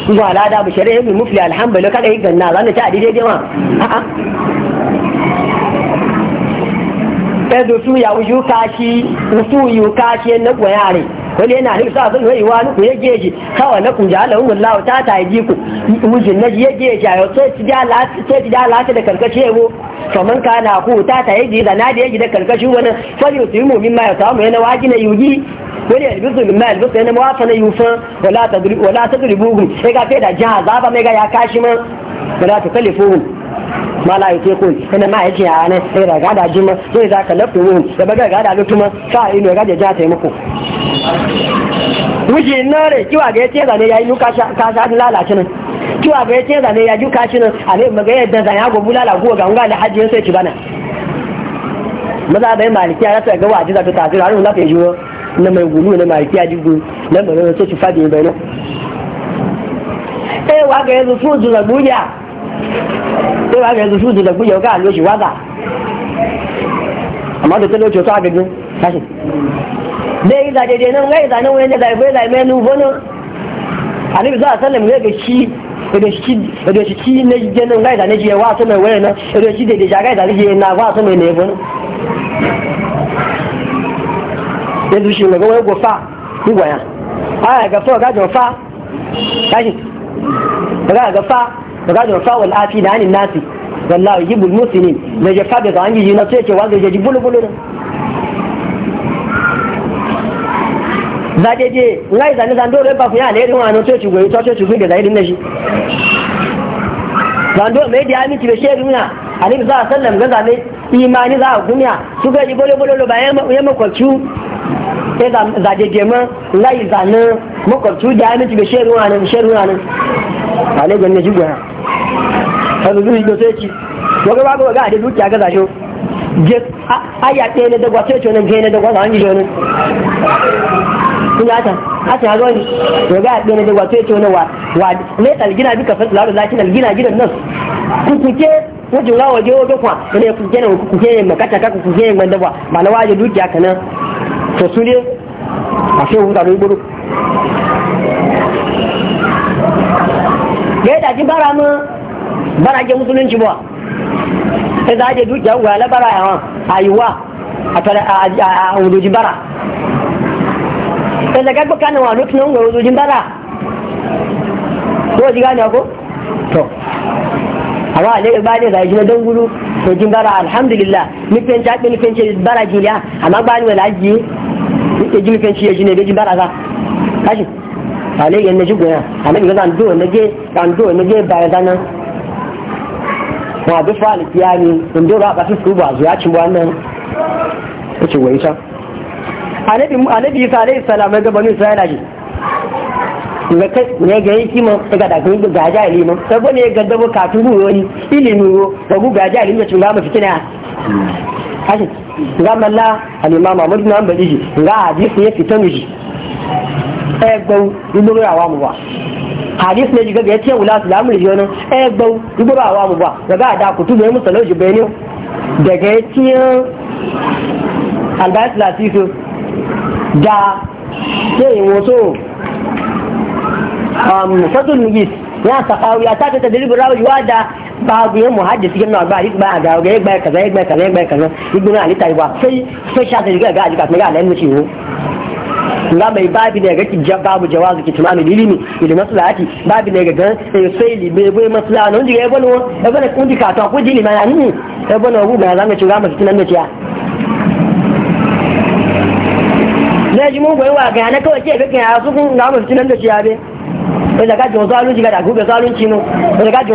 ko ala da bu shari'a mu mufli alhamdulillah kaga yi ganna zan ta adide dai ma a'a edo su ya wuju kashi su yu kashi na goyare wani yana hin sa sun hoyi wani ku yage shi kawai na kunja Allah hun Allah ta ta yi ku wujin na ji yage shi a yau sai ti da lati da karkashi yabo faman ka na ku ta ta yi da na da yage da karkashi wani fali su yi mumin ma ya samu yana waki na yugi wani ya yalbisu min ma yalbisu yana mawafa na yufa wala ta bugun sai ka fai da jihar zaba mai ga ya kashi ma wala ta kalifu mala ya ce kun a ma ya ce ya ne sai e da gada jima sai e za ka lafi wuhun e da baga gada lutuma sa ino gaje ja taimako wuce re kiwa ga ya ce zane ya yi nuka ka sa lalace nan kiwa ga ya ce ya yi kashi nan a ga ya da zanya ya gobu lalagowa ga wunga da hajji sai ki bana maza bai maliki ya rasa gawa ji zato tasiri har wula na mai gulu na ya jigo na mai sai ki fadi bai eh wa ga yanzu sai ba ga yanzu su ga allo waza amma da talauci wasu agajin tashi dai yi zaje dai nan ga yi zanen wani da zai zai mai nubono anabi za a sallam ya ga shi da shi ci na ganin gaida na jiya wasu mai wani na da shi daidai shagai da na wasu mai nebo na yanzu shi daga wani gofa igwaya a ga gafa ga jofa kashi fa? ba ga da fawal afi da anin nasi wallahi yibul muslimin da ya fabe ga hanji na sai ce wanda ya ji bulubulu za je je ngai zan dole ba kuya ne rinwa no sai goyi to sai da zai dinna shi zan dole mai da aminci be sheri muna annabi sallallahu alaihi ga zame imani za a gumiya su ga ji bulubulu ba ya makwabci sai zajeje ma layi zanen makwabci da aminci be sheri wani sheri wani ale ganin jigwa hannu zuwa da sai ci wani ba ga ga da dukiya ga zasho je aya ɗaya na dagwa sai ce nan gai na dagwa zan ji jonin kun ya ta a ta hazo ne ga ɗaya na dagwa sai ce nan wa ne talgina duka fa tsaro zaki talgina gidan nan kukuke wajen ga waje waje kwa ne kuke na ku kuke ne makata ka ku kuke ne mandaba ba na waje dukiya kana to su ne a shehu da rubutu ji bara mu bara ke musulunci ba sai za a je dukiya ga la bara ayuwa a tare bara sai daga baka na wa lokacin ga wudujin bara ko ji gane ko to amma ne ba ne da shi na dan gudu to bara alhamdulillah nufin ta nufin ce bara jiliya amma ba ni wala ji nufin ji nufin ci ya ji ale jugo ya gbẹ̀yà àmì ìgbà tàǹdó ẹ̀nẹ́gẹ́ tàǹdó ẹ̀nẹ́gẹ́ báyẹ̀ dáná wọn àbí fáàlì tí a ní ǹdó ba bá fífi ba zùrà tí wọn náà ó ti wọ̀ ìṣá. anabi isa alayhi salam ga bani isra'ila ji ne kai ne ga yi kima daga da kun ga gaja ili mu sabo ne ga dabo ka tuhu wani ni ili mu ruwo ga gu gaja ili mu cin ga mu fitina kashi ga malla al-imam Ahmad bin Hanbali ga hadisi ya fitanu ji ẹgbẹ̀rún ìgbòrò àwọn àmùwà hadith ne jiga ga yace wula su lamu rijiyo nan àwọn àmùwà daga àdá kùtù bẹ̀rẹ̀ musallau jù bẹ̀rẹ̀ daga yace albayat latifu da ke yi wato fatul nugis ya sakawu ya taka ta dalibin rawar yiwa da babu yan muhaddisi yan nawa ba hadisi ba a ga ga ya gbaya kaza ya gbaya kaza ya gbaya kaza ya gbaya kaza nga mai babi ne ga ki babu jawazi ki tumanu lilimi ili maslahati babi ne ga ga eh, sai li be be maslaha non diga ebono ebono to ni mana ebono ga zanga ci masu ne ne ji wa ga na kawai ce su kun ga masu tunan ne be zalunci ga gobe zalunci no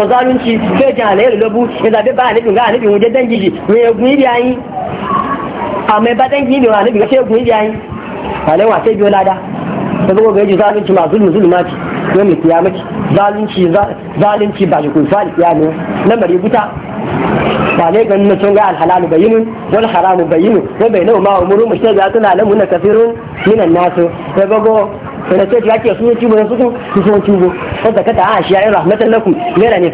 zalunci da be ba ne ne ayi amma ba wa ne ayi halai wa sai biyo lada ta zama ga yaji zalunci ma zulmu zulma ce yau mai kiyamaki zalunci zalunci ba shi kun sa ne na bari buta ba ne ganin na tunga alhalalu bayinu wani haramu bayinu wani bai nau ma umuru mu shaidu suna lamu na kafirun minan nasu sai gago sai na ce ya ke sun yi cibo na sukun su sun cibo sai da kata a shi ya yi rahmatan lakum yana ne